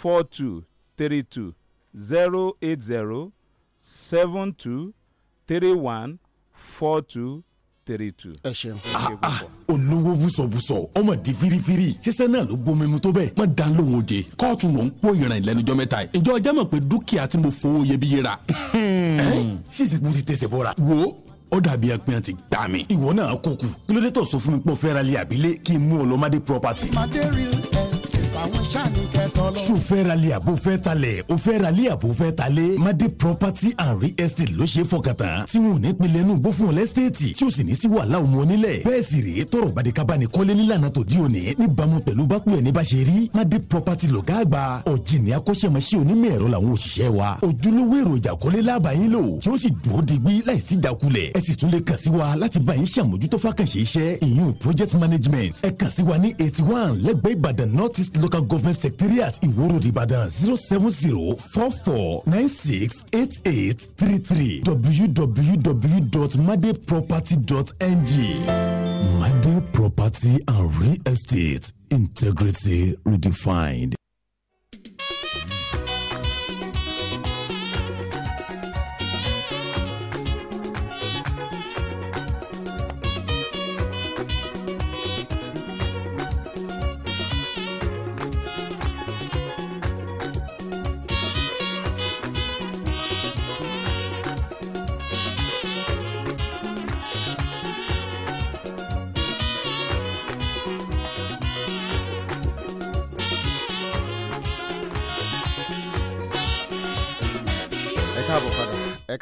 four two three two zero eight zero seven two three one four two three two. ẹ ṣeun. Ah, ah, olówó bùsọ̀bùsọ̀ ọmọ di firifiri ṣiṣẹ́ náà ló gbómi mu tó bẹ́ẹ̀ má dá lóhùn oje kóòtù ló ń pò ìrìn lẹ́nujọ́ mẹ́ta yìí ìjọ ọjà mọ̀ pé dúkìá tí mo fowó iyebíye rà. Hmm. ṣíṣe mo ti tẹsẹ̀ bọ́ra. wo ó dàbí ẹpin àti gbà mí. ìwọ náà kò kù tó sọ fún mi pé o fẹ́ ra ilé àbílẹ̀ kí n mú ọ lọ property. Mádé real estate àwọn sani kẹtọ lọ. ṣó fẹ́ ra lé àbò fẹ́ talẹ̀ o fẹ́ ra àbò fẹ́ talẹ̀ madi property and real estate ló ṣe fọkàn tán tí wọn ò ní pilẹ̀ inú gbó fún ọ lẹ́sítẹ́ẹ̀tì tí o sì ní sí wàhálà òun onílẹ̀ bẹ́ẹ̀ sì rèé tọrọ bàdìkaba ni kọ́lé nílànà tó di òní níbàámu pẹ̀lú bá pè ní bá ṣe rí madi property lọ́gá àgbà ọ̀jìnì akọ́ṣẹ́mọṣẹ́ onímọ̀ ẹ̀rọ làwọn òṣìṣẹ́ wa ojúlówó èròjà kọ́lé lábàáyín lò tí ó sì dúró digbí láìsí ìjákulẹ̀ ẹ sì tún lè kàn sí wa láti management ẹ kàn eighty one lẹ́gbẹ̀ẹ́ Ìbàdàn north local local government secretariat ìwòrò ìbàdàn zero seven zero four four nine six eight eight three three www.madeproperty.ng Made Property and Real Estate Integrity Redefined.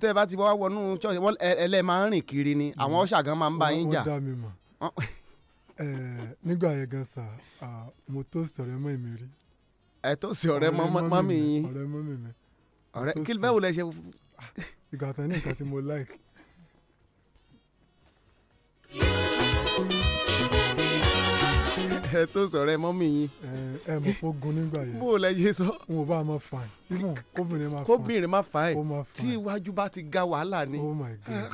tẹ́ ẹ bá ti wá wọnú ṣọ́ọ̀ṣì wọ́n ẹlẹ́ máa ń rìn kiri ni àwọn ọ̀ṣà mm-hmm. gan máa ń bá yín jà. wọ́n dá mi mọ̀ nígbà yẹn gan sa mo tó sọ̀rọ̀ mọ́ èmi rí. ẹ tó sì ọ̀rẹ́ mọ́ mi yín ọ̀rẹ́ mọ́ mi mi. kí bẹ́ẹ̀ wò lẹ ṣe. Ah, ìgbà tán ní nǹkan tí mo like ẹ tó sọ̀rọ̀ ẹ mọ́mì yín. ẹ mọ̀ kó gun nígbà yẹn. bó o lẹ yé sọ. n ò bá ma fa ẹ ibùn kóbìnrin ma fa ẹ. kóbìnrin ma fa ẹ tí iwájú bá ti ga wàhálà ni. oh my god.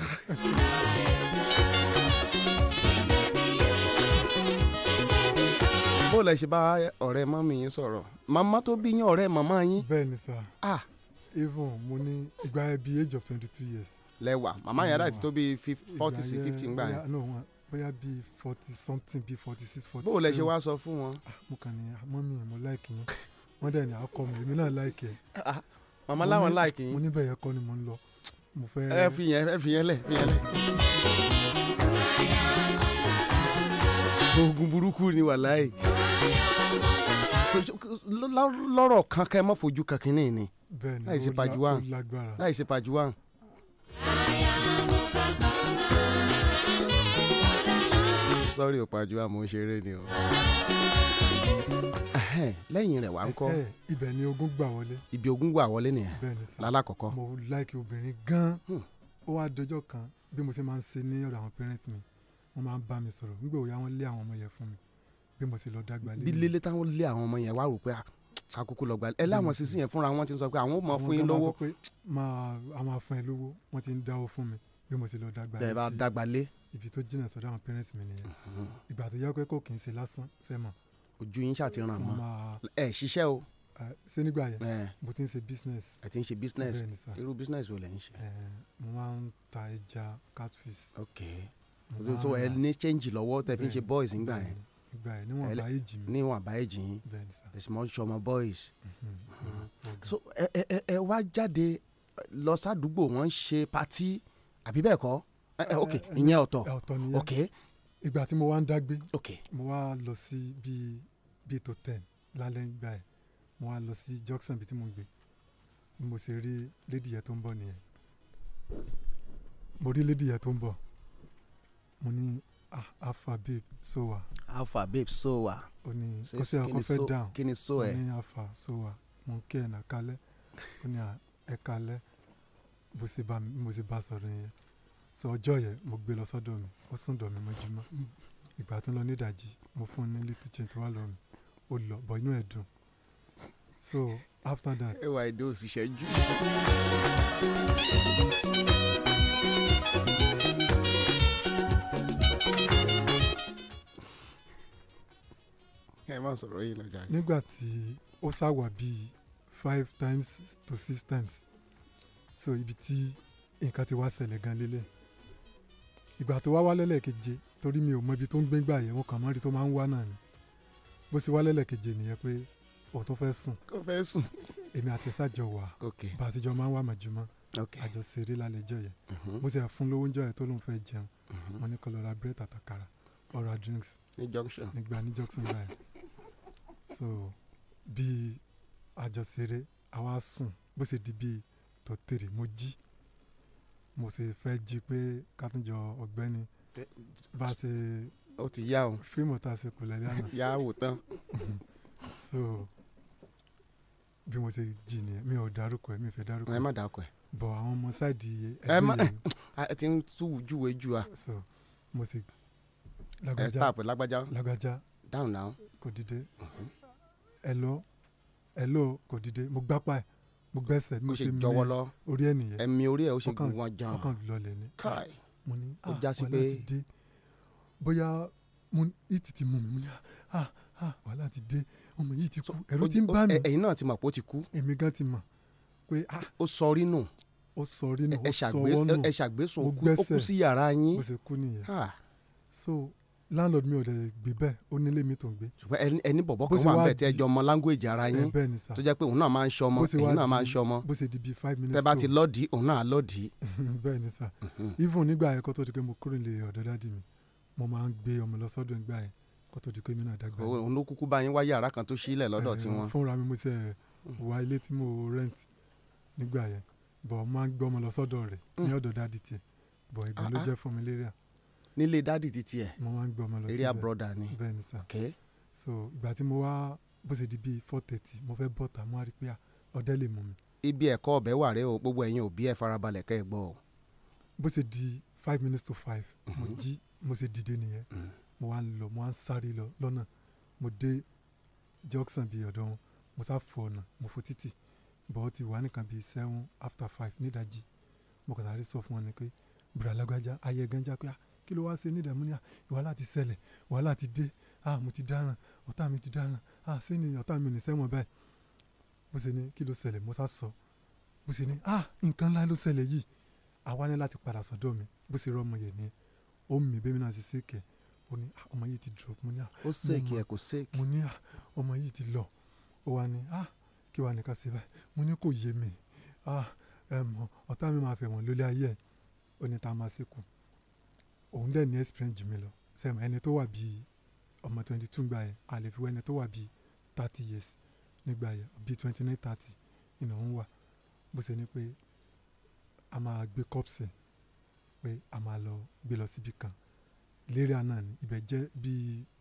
bó o lẹ ṣe bá ọ̀rẹ́ mọ́mì yín sọ̀rọ̀ màmá tó bí yín ọ̀rẹ́ màmá yín. bẹ́ẹ̀ni sá. even mo ní ìgbà ẹbí age of twenty two years. lẹ́wà màmá yàrá ti tó bí forty sí fifty ngbà yẹn bóyá bíi forty something bíi forty six forty seven. bó o lẹ ṣe wá sọ fún wọn. Ah, mo kàn ní ah, mọ́mí mo láìkì yín wọ́n dẹ̀ ní akọ ah, mi èmi náà láìkì ẹ̀. màmá láwọn láìkì yín. mo níbẹ̀ yẹn kọ́ ni mo ń lọ mo fẹ́. ẹ fi yẹn ẹ fi yẹn lẹ fi yẹn lẹ. oògùn burúkú ni wàláì lọ́rọ̀ kankan ẹ má fojú kankan ní ìní láì ṣe pàjùwà láì ṣe pàjùwà. sọ́rí òpàjùwà mò ń ṣeré ni o. lẹ́yìn rẹ̀ wá ń kọ́. ibẹ̀ ni ogún gbà wọlé. ibi ogún gbà wọlé nìyẹn. bẹ́ẹ̀ni sá lálàkọ́kọ́. mo láìkí obìnrin gan-an hmm. ó wá dọjọ́ kan bí mo ṣe máa ń ṣe ní ọ̀dọ̀ àwọn parents mi wọ́n máa ń bá mi sọ̀rọ̀ nígbà òya wọn lé àwọn ọmọ yẹn fún mi bí mo ṣe lọ dàgbà lé. bí lélẹ́ táwọn lé àwọn ọmọ yẹn wá rò pé àkókò ah, lọ gbà ẹ láwọn hmm. sísí yẹn fúnra wọn ti sọ pé àwọn ò mọ fún yín lówó. àwọn kan máa sọ pé máa àwọn afún ẹ lówó wọn ti ń dáwó fún mi bí mo ṣe lọ dàgbà lé sí. bẹ́ẹ̀ bá dàgbà lé ibi tó jìnnà sọ́dọ̀ àwọn parents mi nìyẹn mhm. ìgbà tó yá kó kì í ṣe lásán sẹ́mọ̀. ojú yín ṣàtìràn mọ́ ẹ ṣiṣẹ́ o. ṣé nígbà yẹn mo ti ń ṣe business. ẹ ti ń ṣe business irú business wo lẹ ń ṣe. mo máa ń ta ẹja catfish. ok so ẹ ní change lọ́wọ́ tẹ fi ń ṣe boys nígbà yẹn ìgbà ẹ níwọ̀n àbá èjì mi níwọ̀n àbá èjì yín ẹ̀sìn mọ́ sọmọ boys. Mhm, mhm. so ẹ ẹ ẹ wá jáde lọ sádùúgbò wọn ń ṣe patí àbí bẹ́ẹ̀ kọ́. Eh, eh, ok eh, ìyẹn ọ̀tọ̀ ọ̀tọ̀ nìyẹn ok ìgbà tí mo wá ń dágbé ok mo wá lọ sí bíi bíi tó ten lálẹ́ ìgbà yẹn mo wá lọ sí Jackson bíi tí mo gbé mo sì rí lady yẹn tó ń bọ̀ nìyẹn mo rí lady yẹn tó ń bọ̀ mo ní ah, alpha babe so wa. alpha babe so wa. o ní kò sí ọkọ fẹ́ down kí ni so ẹ. o ní alpha so wa mo ń kí ẹ̀ nà kalẹ́ o ní ẹ̀ kalẹ́ bó ṣe bá sọ̀rọ̀ yẹn so ọjọ́ yẹn mo gbé lọ sọ́dọ̀ mi ó sùn dọ̀ mi mọ́júmọ́ ìgbà tó ń lọ nídàjí mo fún un ní little change tó wà lọ́wọ́ mi ó lọ bọ̀ inú ẹ̀ dùn so after that. ẹ wà èdè òṣìṣẹ́ jù. ẹ má sọ̀rọ̀ yìí lọ́jà. nígbà tí ó ṣàwà bíi five times to six times so ibi tí nǹkan ti wá ṣẹlẹ̀ gan lélẹ̀ ìgbà tó wá wálẹ̀ lẹ́ẹ̀keje torí mi ò mọ ibi tó ń gbé gbà yẹn wọn kàn mọ́ rí tó máa ń wá náà ni bó ṣe wálẹ̀ lẹ́ẹ̀keje nìyẹn pé òun tó fẹ́ sùn tó fẹ́ sùn èmi àtẹ̀sájọ wà bá a ṣe jọ máa ń wà màjúmọ́ àjọṣeré lálẹ́jọ́ yẹn mhm. mo ṣe fún lówó ń jọ yẹn tó lóun fẹ́ jẹun mhm. mo ní kó lọ ra bírètì àtàkàrà ọ̀rọ̀ drinks ní nígbà ní junction báyìí so bíi àjọṣeré àwa sùn bó ṣe di bíi tọ̀tẹ̀rẹ̀ mo jí mo ṣe fẹ́ jí pé kátúnjọ ọ̀gbẹ́ni bá ṣe ó ti yá o fíìmù tá ṣe kù lẹ́lẹ́ [LAUGHS] yá wò tán [LAUGHS] so bí mo ṣe jí nìyẹn mi ò dárúkọ ẹ mi fẹ́ dárúkọ ẹ má dárúkọ ẹ bọ àwọn ọmọ sáàdì ẹbí yẹn ẹ [LAUGHS] ti ń tú júwe ju a so mo ṣe lágbájá ẹ pàpẹ lágbájá lágbájá down now kò dìde ẹ lọ ẹ lọ kò dìde mo gbápá ẹ mo gbẹ́sẹ̀ mo ṣe mi orí ẹ̀ nìyẹn ẹ̀mí orí ẹ̀ ó ṣe gun wọn jan ọkàn lọlẹ̀ ni káì mo ní ah wàhálà ti dé bóyá mo ìtì ti mú mi mo ní ah ah wàhálà ti dé ọmọ yìí ti kú ẹ̀rù ti ń bá mi ẹ̀yin náà ti mọ̀ pé o ti kú èmi gan ti mọ̀ pé ah ó sọrí nù o sọrí nù ó sọwọ́ nù ẹ ṣàgbésùn o kú sí yàrá yín bó ṣe kú nìyẹn ah. so landlord mi ò dẹ̀ gbé bẹ́ẹ̀ ó nílé mi tó ń gbé. ṣùgbọ́n ẹni bọ̀bọ̀ kan wà bẹ́ẹ̀ tí ẹ jọ ọmọ language ara yín tó jẹ́ pé òun náà máa ń ṣọmọ òun náà máa ń ṣọmọ bó ṣe di bíi five minutes. tẹ bá ti lọ́ọ̀dì òun náà lọ́ọ̀dì. [LAUGHS] bẹ́ẹ̀ ni sà mhm. even nígbà yẹn kó tó di pé mo kúrò nílé ọ̀dọ̀ dáàdì mi mo máa ń gbé ọmọ lọ sọ́dọ̀ nígbà yẹn kó tó di pé mi náà òun ló kúkú bá yín wá yàrá kan tó sílẹ̀ lọ́dọ̀ tiwọn. fúnra nílé dádì títí ẹ̀. mo máa ń gbé ọmọ lọ síbẹ̀ area brother ni bẹ́ẹ̀ ni sà okay. so ìgbà tí mo wá bó ṣe di bíi four thirty mo fẹ́ bọ́ta mo wá rí pé ọdẹ lè mú mi. ibi ẹ̀kọ́ ọ̀bẹ wà rẹ o gbogbo ẹ̀yin òbí ẹ̀ farabalẹ̀ kẹ́ ẹ gbọ́ o. bó ṣe di five minutes to five mo mhm. jí mo ṣe dìde nìyẹn mm. mo wá ń lọ mo wá ń sáré lọ lọ́nà mo dé jọ́ksàn bíi ọ̀dọ́ wọn mo sá fọ ọ̀nà mo fo títì bọ́ọ̀ ti wà nìkan bíi seven after five nídàájí mo kàn sáré sọ fún wọn ni pé bùrọ̀lágbájá ayé gánjá pé ah kí ló wá ṣe ní ìdààmú ni ah, wàhálà ti ṣẹlẹ̀ wàhálà ti dé ah mo ti dáràn ọ̀tá mi ti dáràn ah ṣé ni ọ̀tá mi ò ní sẹ́wọ̀n báyìí bó ṣe ní kí ló ṣẹlẹ̀ mo sá sọ bó ṣe ní ah nǹkan ńlá ló ṣẹlẹ̀ yìí àwa ní láti padà sọ́dọ̀ mi bó ṣe rọ́ ọmọ yẹn ni ó mì bẹ́ẹ̀ mi náà ṣe ṣe kẹ̀ ó ní ah, ọmọ yìí ti drop mo ní à ah, ó ṣèkì ẹ kò ṣèkì mo ní à ọmọ yìí ti lọ ó wà ní à kí wàá nìkan ṣe báyìí mo ní kò yé mi à ọ̀tá mi máa fẹ̀wọ̀n lólé ayé ẹ̀ ó ní ta máa ṣe kù òun dẹ̀ ní experience jù mí lọ sẹ́mi ẹni tó wà bíi ọmọ twenty two gbà yẹn àlè fi wọ ẹni tó wà bíi thirty years nígbà yẹn bíi twenty nine thirty ìnà òun wà bó ṣe ni pé a máa gbé cups ẹ̀ pé a máa lọ gbé lọ síbi kan lérí àná ni ibẹ̀ jẹ́ bíi